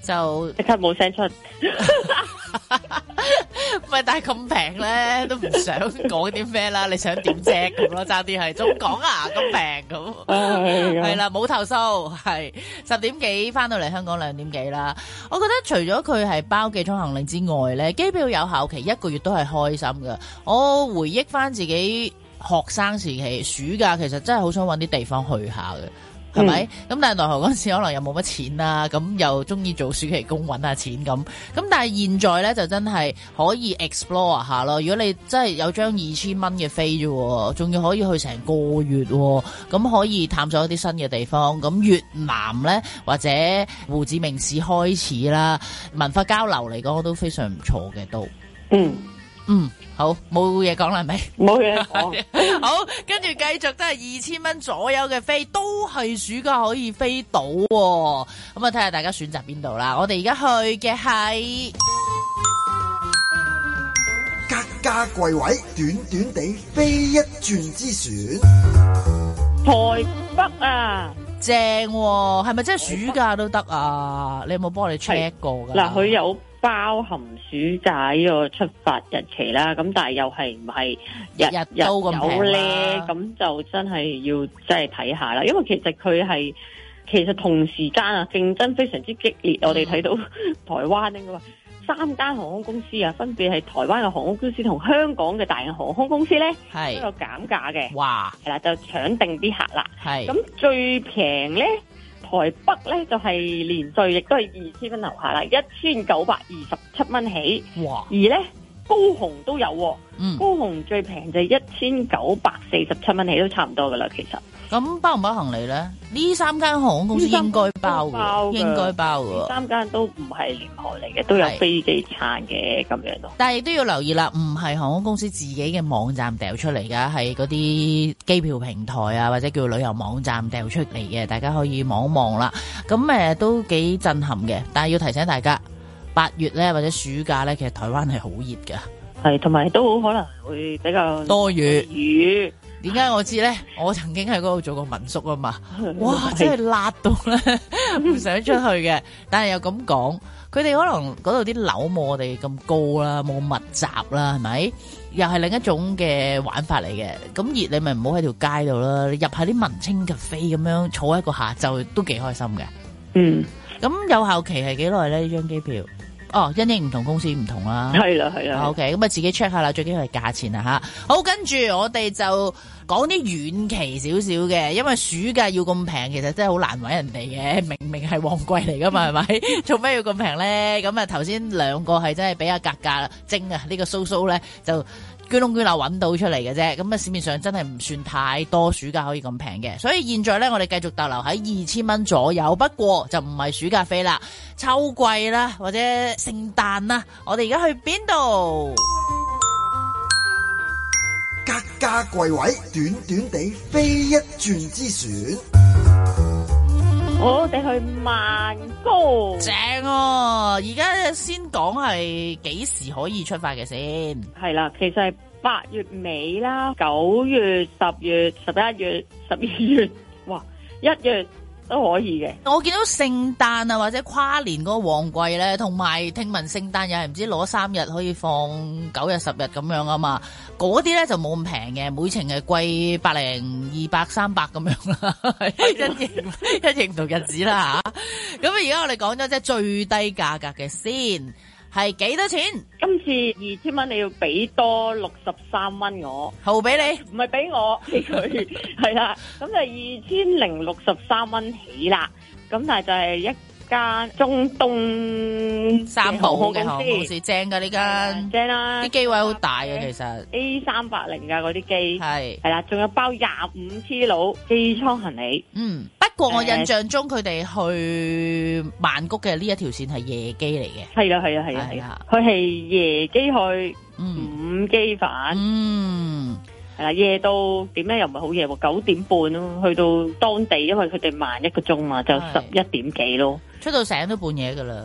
就即刻冇聲出，咪但係咁平咧都唔想講啲咩啦，你想點啫咁咯，爭啲係總講啊咁平咁，係啦，冇投訴，係十點幾翻到嚟香港兩點幾啦，我覺得除咗佢係包寄送行李之外咧，機票有效期一個月都係開心噶，我回憶翻自己。學生時期暑假其實真係好想揾啲地方去下嘅，係、嗯、咪？咁但係奈何嗰陣時可能又冇乜錢啦、啊，咁又中意做暑期工揾下錢咁。咁但係現在呢，就真係可以 explore 下咯。如果你真係有張二千蚊嘅飛啫，仲要可以去成個月、啊，咁可以探索一啲新嘅地方。咁越南呢，或者胡志明市開始啦，文化交流嚟講都非常唔錯嘅，都嗯。嗯，好，冇嘢講啦，係咪？冇嘢講， 好，跟住繼續都係二千蚊左右嘅飛，都係暑假可以飛到喎，咁啊，睇下大家選擇邊度啦。我哋而家去嘅係格價櫃位，短短地飛一轉之選，台北啊，正喎，係咪真係暑假都得啊？你有冇幫我哋 check 過噶？嗱，佢有。包含暑假呢個出發日期啦，咁但係又係唔係日日都咁平咧？咁就真係要真係睇下啦。因為其實佢係其實同時間啊競爭非常之激烈，我哋睇到台灣呢個三間航空公司啊分別係台灣嘅航空公司同香港嘅大型航空公司咧，都有減價嘅。哇！係啦，就搶定啲客啦。係咁最平咧。台北咧就係連序，亦都係二千蚊樓下啦，一千九百二十七蚊起。哇而咧。高雄都有，啊，嗯，高雄最平就一千九百四十七蚊起，都差唔多噶啦，其實。咁包唔包行李咧？呢三間航空公司應該包嘅，應該包嘅。三間都唔係廉航嚟嘅，都有飛機餐嘅咁樣咯，啊。但係亦都要留意啦，唔係航空公司自己嘅網站掉出嚟噶，係嗰啲機票平台啊，或者叫旅遊網站掉出嚟嘅，大家可以望一望啦。咁誒、呃，都幾震撼嘅，但係要提醒大家。八月咧或者暑假咧，其實台灣係好熱嘅，係同埋都好可能會比較多雨。雨點解我知咧？我曾經喺嗰度做過民宿啊嘛，哇！真係辣到咧，唔想出去嘅。但係又咁講，佢哋可能嗰度啲樓冇我哋咁高啦，冇咁密集啦，係咪？又係另一種嘅玩法嚟嘅。咁熱你咪唔好喺條街度啦，你入下啲文青咖啡咁樣坐一個下晝都幾開心嘅。嗯，咁有效期係幾耐咧？呢張機票？哦，因應唔同公司唔、嗯、同啦、啊，係啦係啦。OK，咁啊自己 check 下啦，最緊要係價錢啦吓。好，跟住我哋就講啲遠期少少嘅，因為暑假要咁平，其實真係好難為人哋嘅，明明係旺季嚟噶嘛，係 咪？做咩要咁平咧？咁啊頭先兩個係真係比阿格價啦，精、這、啊、個、呢個蘇蘇咧就。捐窿捐罅揾到出嚟嘅啫，咁啊市面上真係唔算太多暑假可以咁平嘅，所以現在呢，我哋繼續逗留喺二千蚊左右，不過就唔係暑假飛啦，秋季啦或者聖誕啦，我哋而家去邊度？格價貴位，短短地飛一轉之選。我哋去曼谷，正，哦、啊！而家先講係幾時可以出發嘅先？係啦，其實係八月尾啦，九月、十月、十一月、十二月，哇！一月。都可以嘅，我見到聖誕啊或者跨年嗰個旺季咧，同埋聽聞聖誕又係唔知攞三日可以放九日十日咁樣啊嘛，嗰啲咧就冇咁平嘅，每程係貴百零二百三百咁樣啦， 一認一認同日子啦吓，咁而家我哋講咗即係最低價格嘅先。係幾多錢？今次二千蚊你要俾多六十三蚊我，好俾你，唔係俾我，俾佢，係啦。咁就二千零六十三蚊起啦。咁但係就係一。間中東好三號嘅航空公司正噶，呢間正啦、啊，啲機位好大啊，其實 A 380噶嗰啲機係，係啦，仲、啊、有包廿五痴佬機艙行李。嗯，不過我印象中佢哋、呃、去曼谷嘅呢一條線係夜機嚟嘅，係啦係啦係啦係啦，佢係、啊啊啊啊、夜機去五機返。嗯。嗯啦，夜到點咧，又唔係好夜喎，九點半咯，去到當地，因為佢哋慢一個鐘嘛，就十一點幾咯，出到醒都半夜噶啦，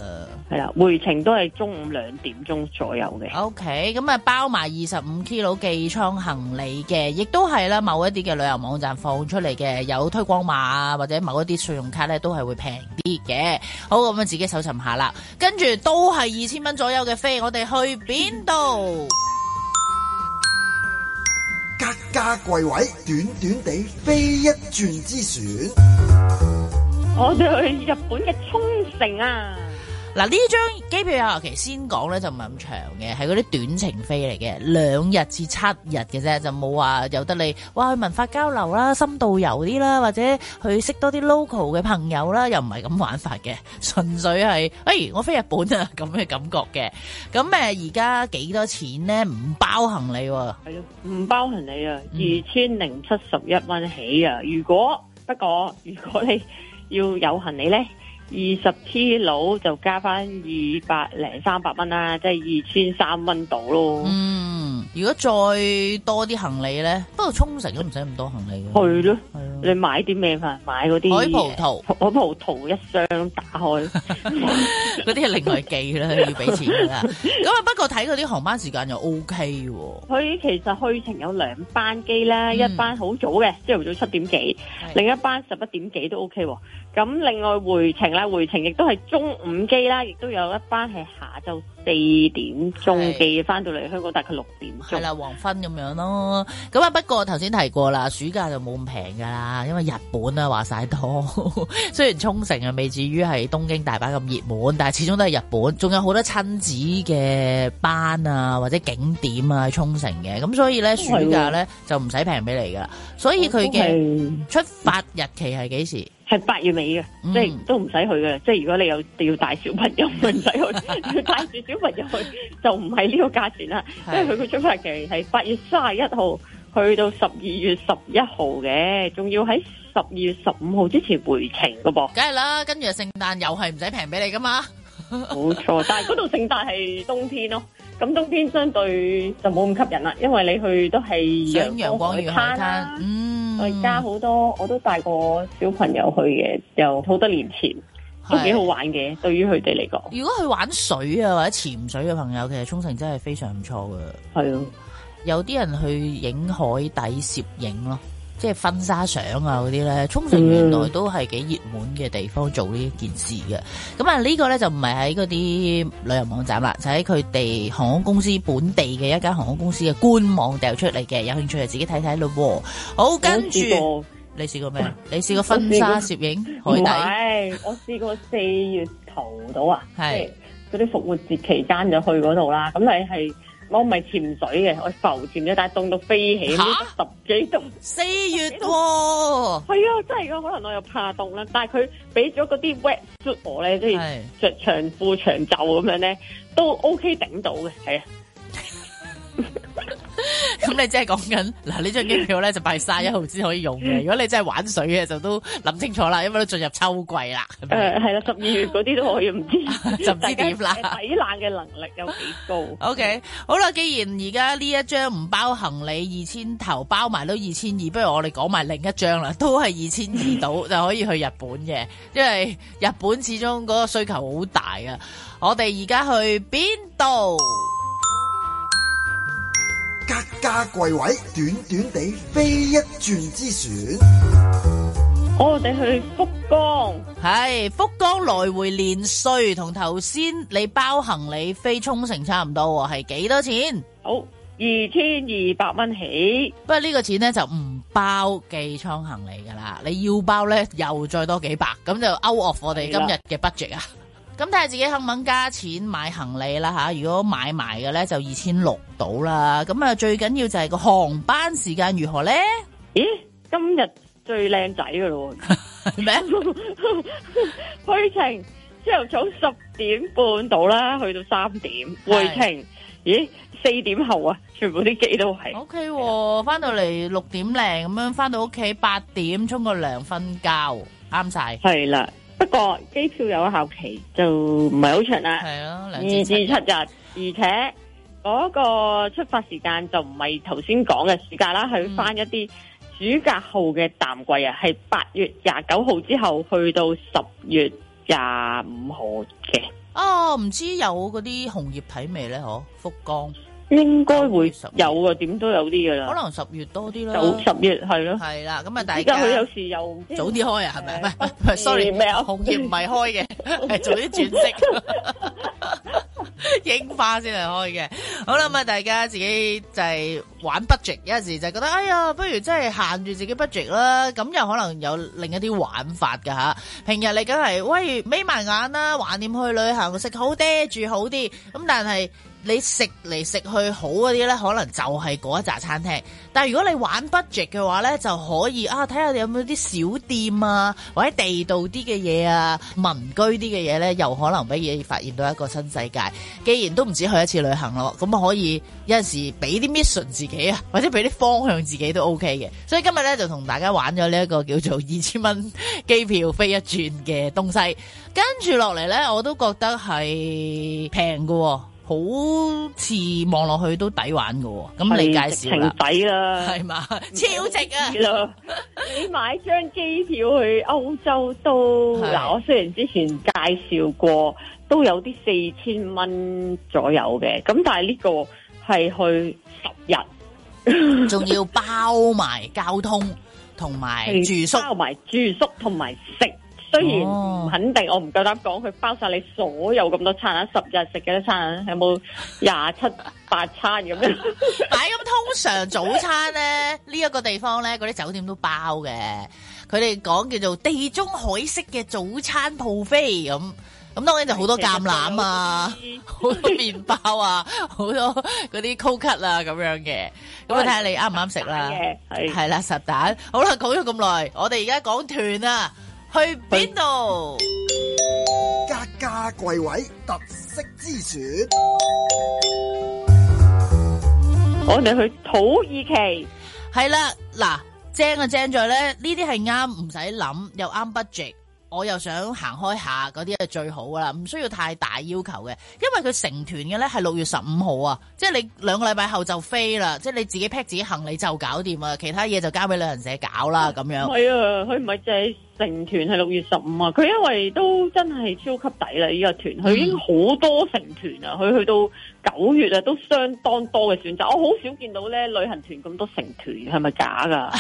係啦，回程都係中午兩點鐘左右嘅。O K，咁啊包埋二十五 kilo 寄倉行李嘅，亦都係啦，某一啲嘅旅遊網站放出嚟嘅，有推廣碼啊，或者某一啲信用卡呢，都係會平啲嘅。好，咁啊自己搜尋下啦，跟住都係二千蚊左右嘅飛，我哋去邊度？嗯格格貴位，短短地飛一轉之船，我哋去日本嘅沖繩啊！嗱呢張機票其實先講咧就唔係咁長嘅，係嗰啲短程飛嚟嘅，兩日至七日嘅啫，就冇話由得你哇去文化交流啦、深度遊啲啦，或者去識多啲 local 嘅朋友啦，又唔係咁玩法嘅，純粹係哎我飛日本啊咁嘅感覺嘅。咁誒而家幾多錢咧？唔包行李，係咯，唔包行李啊，二千零七十一蚊起啊。如果不過如果你要有行李咧？二十支佬就加翻二百零三百蚊啦，即係二千三蚊到咯。嗯，如果再多啲行李咧，不過沖繩都唔使咁多行李。去咯，係啊，你買啲咩飯？買嗰啲海葡萄，海、啊、葡，葡萄一箱打開，嗰啲係另外寄啦，要俾錢啦。咁啊，不過睇嗰啲航班時間又 OK。佢其實去程有兩班機啦，嗯，一班好早嘅，朝頭早七點幾，另一班十一點幾都 OK。咁另外回程啦，回程亦都係中午機啦，亦都有一班係下晝四點鐘機翻到嚟香港，大概六點。係啦，黃昏咁樣咯。咁啊，不過頭先提過啦，暑假就冇咁平噶啦，因為日本啊話晒多，雖然沖繩啊未至於係東京大阪咁熱門，但係始終都係日本，仲有好多親子嘅班啊，或者景點啊沖繩嘅咁，所以咧暑假咧就唔使平俾你噶啦。所以佢嘅出發日期係幾時？係八月尾嘅，即係都唔使去嘅，即係如果你有要帶小朋友去，唔使去，要帶住小朋友去就唔係呢個價錢啦。因為佢個出發期係八月三十一號去到十二月十一號嘅，仲要喺十二月十五號之前回程嘅噃。梗係啦，跟住啊，聖誕又係唔使平俾你噶嘛。冇錯，但係嗰度聖誕係冬天咯。咁冬天相對就冇咁吸引啦，因為你去都係想陽光海灘，嗯，我而家好多，我都帶過小朋友去嘅，有好多年前都幾好玩嘅，對於佢哋嚟講。如果去玩水啊或者潛水嘅朋友，其實沖繩真係非常唔錯㗎。係啊，有啲人去影海底攝影咯。即係婚紗相啊嗰啲咧，沖繩原來都係幾熱門嘅地方做呢一件事嘅。咁啊呢個咧就唔係喺嗰啲旅遊網站啦，就喺佢哋航空公司本地嘅一間航空公司嘅官網掉出嚟嘅。有興趣就自己睇睇咯。好，跟住你試過咩？你試過婚紗攝影海底？我試過四月頭到啊，係嗰啲復活節期間就去嗰度啦。咁你係？我唔係潛水嘅，我浮潛嘅，但係凍到飛起，呢十幾度。四月喎、哦，係啊，真係嘅，可能我又怕凍啦。但係佢俾咗嗰啲 wet suit 我咧，即係着長褲長袖咁樣咧，都 OK 頂到嘅，係啊。咁 你即係講緊嗱，呢張機票咧就八月卅一號先可以用嘅。如果你真係玩水嘅，就都諗清楚啦，因為都進入秋季啦。係係啦，十、呃、二月嗰啲都可以，唔知 就唔知點啦。抵 冷嘅能力有幾高？OK、嗯、好啦，既然而家呢一張唔包行李，二千頭包埋都二千二，不如我哋講埋另一張啦，都係二千二到就可以去日本嘅，因為日本始終嗰個需求好大啊。我哋而家去邊度？家價貴位，短短地飛一轉之船。我哋去福岡，係福岡來回連稅同頭先你包行李飛沖繩差唔多，係幾多錢？好，二千二百蚊起。不過呢個錢呢，就唔包寄倉行李噶啦，你要包呢，又再多幾百，咁就 out of 的我哋今日嘅 budget 啊！咁睇下自己肯唔肯加錢買行李啦吓，如果買埋嘅咧就二千六到啦。咁啊最緊要就係個航班時間如何咧？咦，今日最靚仔㗎咯，咩？ 去程朝頭早十點半到啦，去到三點。回程咦四點後啊，全部啲機都係。O K，翻到嚟六點零咁樣，翻到屋企八點沖個涼瞓覺，啱晒。係啦。不過機票有效期就唔係好長啦，係啊，二至七日，而且嗰個出發時間就唔係頭先講嘅時間啦，去翻一啲暑假後嘅淡季啊，係八月廿九號之後去到十月廿五號嘅。哦，唔知道有嗰啲紅葉睇未呢？嗬，福江。應該會有嘅，點都有啲嘅啦。可能十月多啲啦，十月係咯。係啦，咁啊，而家佢有時又早啲開啊，係咪？唔係，sorry，咩啊？紅葉唔係開嘅，係早啲轉色。櫻花先嚟開嘅。好啦，咁啊，大家自己就係玩 budget，有陣時就覺得，哎呀，不如真係限住自己 budget 啦。咁又可能有另一啲玩法嘅吓。平日你梗係，喂眯埋眼啦，橫掂去旅行，食好啲，住好啲。咁但係。你食嚟食去好嗰啲呢，可能就係嗰一紮餐廳。但係如果你玩 budget 嘅話呢，就可以啊，睇下有冇啲小店啊，或者地道啲嘅嘢啊，民居啲嘅嘢呢，又可能俾嘢發現到一個新世界。既然都唔止去一次旅行咯，咁可以有陣時俾啲 mission 自己啊，或者俾啲方向自己都 OK 嘅。所以今日呢，就同大家玩咗呢一個叫做二千蚊機票飛一轉嘅東西，跟住落嚟呢，我都覺得係平㗎喎。好似望落去都抵玩嘅，咁你介紹啦，抵啦，係嘛，超值啊！你買張機票去歐洲都，嗱我雖然之前介紹過都有啲四千蚊左右嘅，咁但係呢個係去十日，仲要包埋交通同埋住宿，包埋住宿同埋食。雖然唔肯定，哦、我唔夠膽講，佢包晒你所有咁多餐啊。十日食幾多餐啊？有冇廿七八餐咁樣？係咁，通常早餐咧呢一 個地方咧，嗰啲酒店都包嘅。佢哋講叫做地中海式嘅早餐鋪飛咁，咁當然就好多橄欖啊，好多麵包啊，好 多嗰啲烤曲啊咁樣嘅。咁我睇下你啱唔啱食啦，係啦，是但。好啦，講咗咁耐，我哋而家講斷啦。去邊度？家家貴位，特色之選。我哋去土耳其係啦，嗱，正啊正在咧，呢啲係啱，唔使諗，又啱 budget。我又想行開下嗰啲係最好噶啦，唔需要太大要求嘅，因為佢成團嘅呢係六月十五號啊，即係你兩個禮拜後就飛啦，即係你自己 pack 自己行李就搞掂啊，其他嘢就交俾旅行社搞啦咁樣。係啊，佢唔係淨係成團係六月十五啊，佢因為都真係超級抵啦呢個團，佢已經好多成團啊，佢去到九月啊都相當多嘅選擇，我好少見到呢旅行團咁多成團，係咪假噶？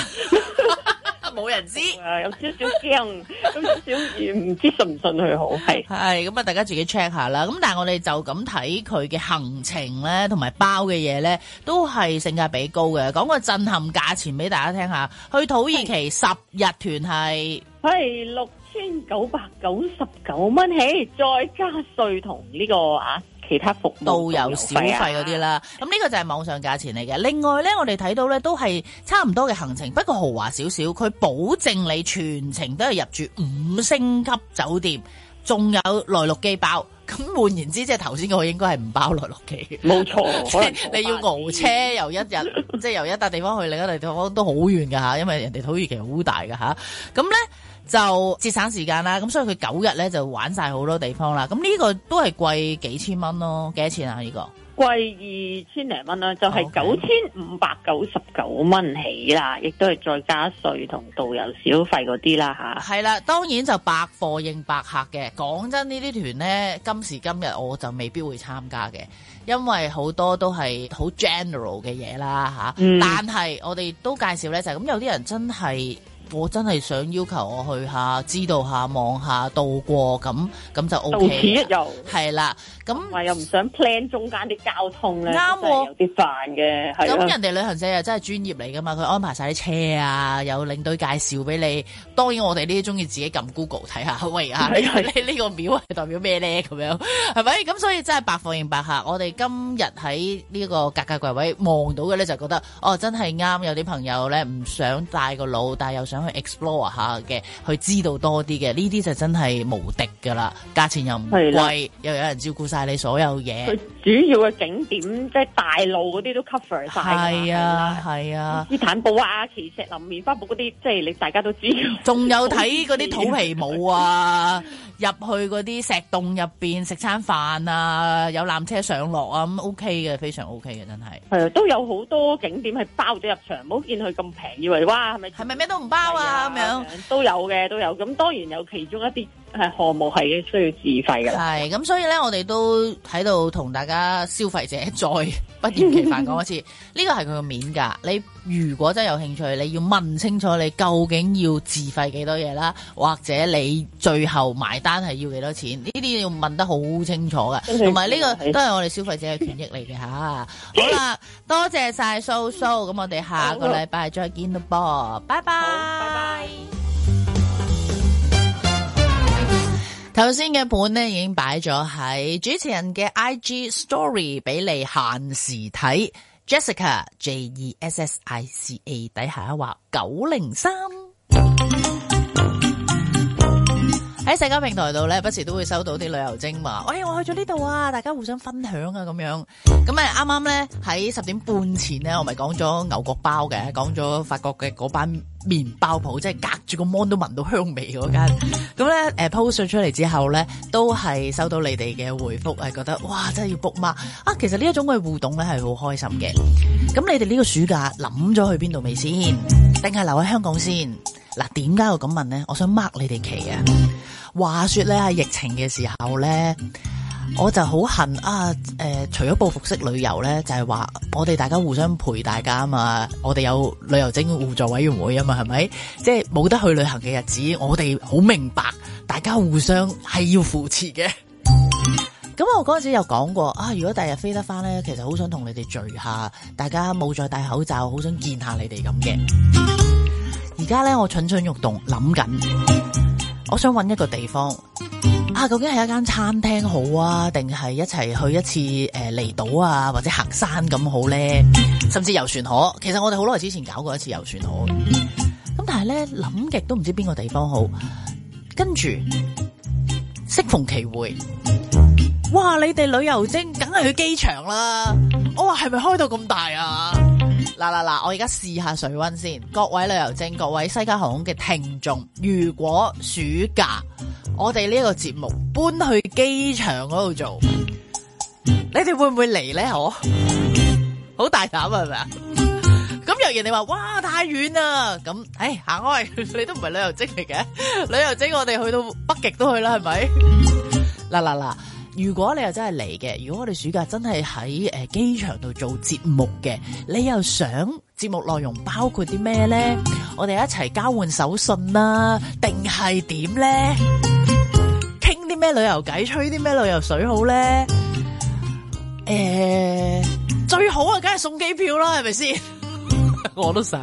冇人知，有少少驚，少少而唔知信唔信佢好，係係咁啊！大家自己 check 下啦。咁但係我哋就咁睇佢嘅行程咧，同埋包嘅嘢咧，都係性價比高嘅。講個震撼價錢俾大家聽下，去土耳其十日團係係六千九百九十九蚊起，再加稅同呢個啊。其他服務都有導遊小費嗰啲啦，咁、啊、呢個就係網上價錢嚟嘅。另外呢，我哋睇到呢都係差唔多嘅行程，不過豪華少少。佢保證你全程都係入住五星級酒店，仲有內陸機包。咁換言之，即係頭先嗰個應該係唔包內陸機。冇錯， 你要熬車由一日，即 係由一笪地方去另一笪地方都好遠㗎。因為人哋土耳其好大㗎。嚇。咁呢就節省時間啦，咁所以佢九日咧就玩晒好多地方啦。咁呢個都係貴幾千蚊咯，幾多錢啊、呢個？呢個貴二千零蚊啦，就係九千五百九十九蚊起啦，亦都係再加稅同導遊小費嗰啲啦，吓，係啦，當然就百貨應百客嘅。講真，呢啲團呢，今時今日我就未必會參加嘅，因為好多都係好 general 嘅嘢啦，吓、嗯，但係我哋都介紹咧，就係咁，有啲人真係。我真係想要求我去下，知道下，望下，度過咁咁就 OK。渡此一遊，係啦，咁又唔想 plan 中間啲交通咧，啱喎，有啲煩嘅。咁人哋旅行社又真係專業嚟噶嘛，佢安排曬啲車啊，有領隊介紹俾你。當然我哋呢啲中意自己撳 Google 睇下，喂啊，呢呢個表係代表咩咧？咁樣係咪？咁所以真係百貨應百客。我哋今日喺呢個格價櫃位望到嘅咧，就覺得哦，真係啱。有啲朋友咧唔想帶個腦，但係又想。去 explore 下嘅，去知道多啲嘅，呢啲就真係無敵噶啦，價錢又唔貴，又有人照顧晒你所有嘢。佢主要嘅景點即係大路嗰啲都 cover 晒。係啊，係啊。伊斯坦布啊，奇石林、棉花堡嗰啲，即係你大家都知。仲有睇嗰啲肚皮舞啊，入去嗰啲石洞入邊食餐飯啊，有纜車上落啊，咁 OK 嘅，非常 OK 嘅，真係。係啊，都有好多景點係包咗入場，唔好見佢咁平，以為哇係咪係咪咩都唔包。啊，咁樣都有嘅，都有咁當然有其中一啲。係項目係需要自費嘅。係咁所以咧，我哋都喺度同大家消費者再不厭其煩講一次，呢個係佢嘅面價。你如果真係有興趣，你要問清楚你究竟要自費幾多嘢啦，或者你最後埋單係要幾多錢？呢啲要問得好清楚嘅，同埋呢個都係我哋消費者嘅權益嚟嘅吓。 好啦，多謝晒 So So，咁我哋下個禮拜再見啦噃，拜拜，拜拜。頭先嘅盤咧已經擺咗喺主持人嘅 I G Story 俾你限時睇，Jessica J E S S I C A 底下一劃九零三，喺社交平台度咧不時都會收到啲旅遊精嘛，哎我去咗呢度啊，大家互相分享啊咁樣，咁啊啱啱咧喺十點半前咧我咪講咗牛角包嘅，講咗法國嘅嗰班。麵包鋪，即係隔住個芒都聞到香味嗰間。咁咧，誒、呃，post 出嚟之後咧，都係收到你哋嘅回覆，係覺得哇，真係要 book 啊！其實呢一種嘅互動咧，係好開心嘅。咁你哋呢個暑假諗咗去邊度未先？定係留喺香港先？嗱、啊，點解我咁問咧？我想 mark 你哋期啊！話說咧，喺疫情嘅時候咧。我就好恨啊！誒、呃，除咗報復式旅遊咧，就係、是、話我哋大家互相陪大家啊嘛，我哋有旅遊證互助委員會啊嘛，係咪？即係冇得去旅行嘅日子，我哋好明白，大家互相係要扶持嘅。咁 我嗰陣時又講過啊，如果第日飛得翻，咧，其實好想同你哋聚下，大家冇再戴口罩，好想見下你哋咁嘅。而家咧，我蠢蠢欲動，諗緊，我想揾一個地方。啊、究竟係一間餐廳好啊，定係一齊去一次誒離島啊，或者行山咁好咧？甚至遊船河，其實我哋好耐之前搞過一次遊船河。咁但係咧諗極都唔知邊個地方好，跟住適逢其會，哇！你哋旅遊精，梗係去機場啦。我話係咪開到咁大啊？嗱嗱嗱！我而家試一下水溫先，各位旅遊精，各位西加航空嘅聽眾，如果暑假我哋呢個節目搬去機場嗰度做，你哋會唔會嚟咧？我好大膽啊？係咪啊？咁若然你話哇太遠啦，咁誒行開，你都唔係旅遊精嚟嘅，旅遊精我哋去到北極都去啦，係咪？嗱嗱嗱！如果你又真係嚟嘅，如果我哋暑假真係喺誒機場度做節目嘅，你又想節目內容包括啲咩咧？我哋一齊交換手信啦，啊，定係點咧？傾啲咩旅遊偈，吹啲咩旅遊水好咧？誒、欸，最好啊，梗係送機票啦，係咪先？ 我都想。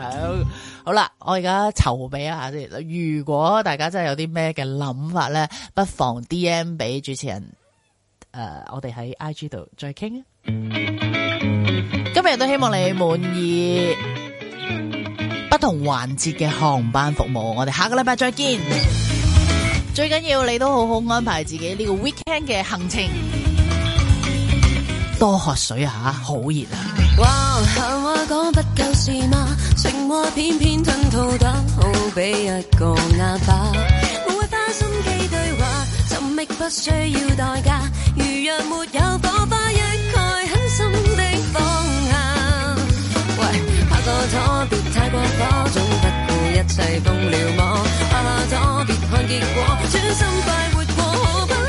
好啦，我而家籌備一下先。如果大家真係有啲咩嘅諗法咧，不妨 DM 俾主持人。誒、uh，我哋喺 IG 度再傾啊！今日都希望你滿意不同環節嘅航班服務，我哋下個禮拜再見。最緊要你都好好安排自己呢個 weekend 嘅行程，多喝水啊，好熱啊！嘩，閒話講不夠事嘛？情話偏偏吞吐得好比一個啞巴。不需要代價，如若沒有火花，一概狠心的放下。喂，拍個拖，別太過火，總不顧一切瘋了我，拍個拖，別看結果，專心快活過，好不。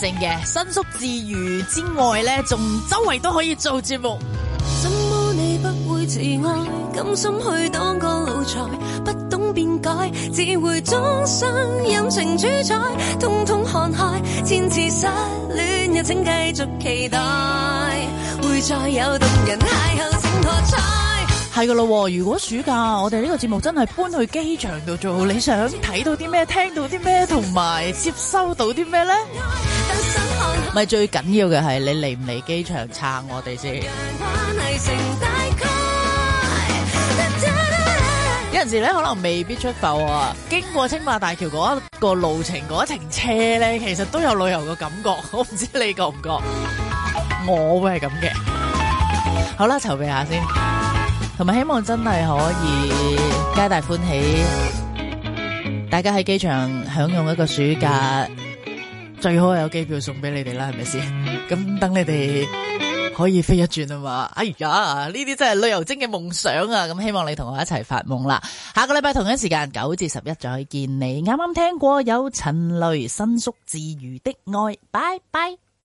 正嘅伸縮自如之外咧，仲周圍都可以做節目。係噶咯，如果暑假我哋呢個節目真係搬去機場度做， 你想睇到啲咩、聽到啲咩、同埋接收到啲咩呢？咪最緊要嘅係你嚟唔嚟機場撐我哋先？有陣時咧，可能未必出埠啊！經過青馬大橋嗰一個路程、嗰一程車咧，其實都有旅遊嘅感覺。我唔知你覺唔覺？我會係咁嘅。好啦，籌備下先，同埋希望真係可以皆大歡喜，大家喺機場享用一個暑假。嗯最好有機票送俾你哋啦，係咪先？咁等你哋可以飛一轉啊嘛！哎呀，呢啲真係旅遊精嘅夢想啊！咁希望你同我一齊發夢啦！下個禮拜同一時間九至十一再見你。啱啱聽過有陳雷伸縮自如的愛，拜拜。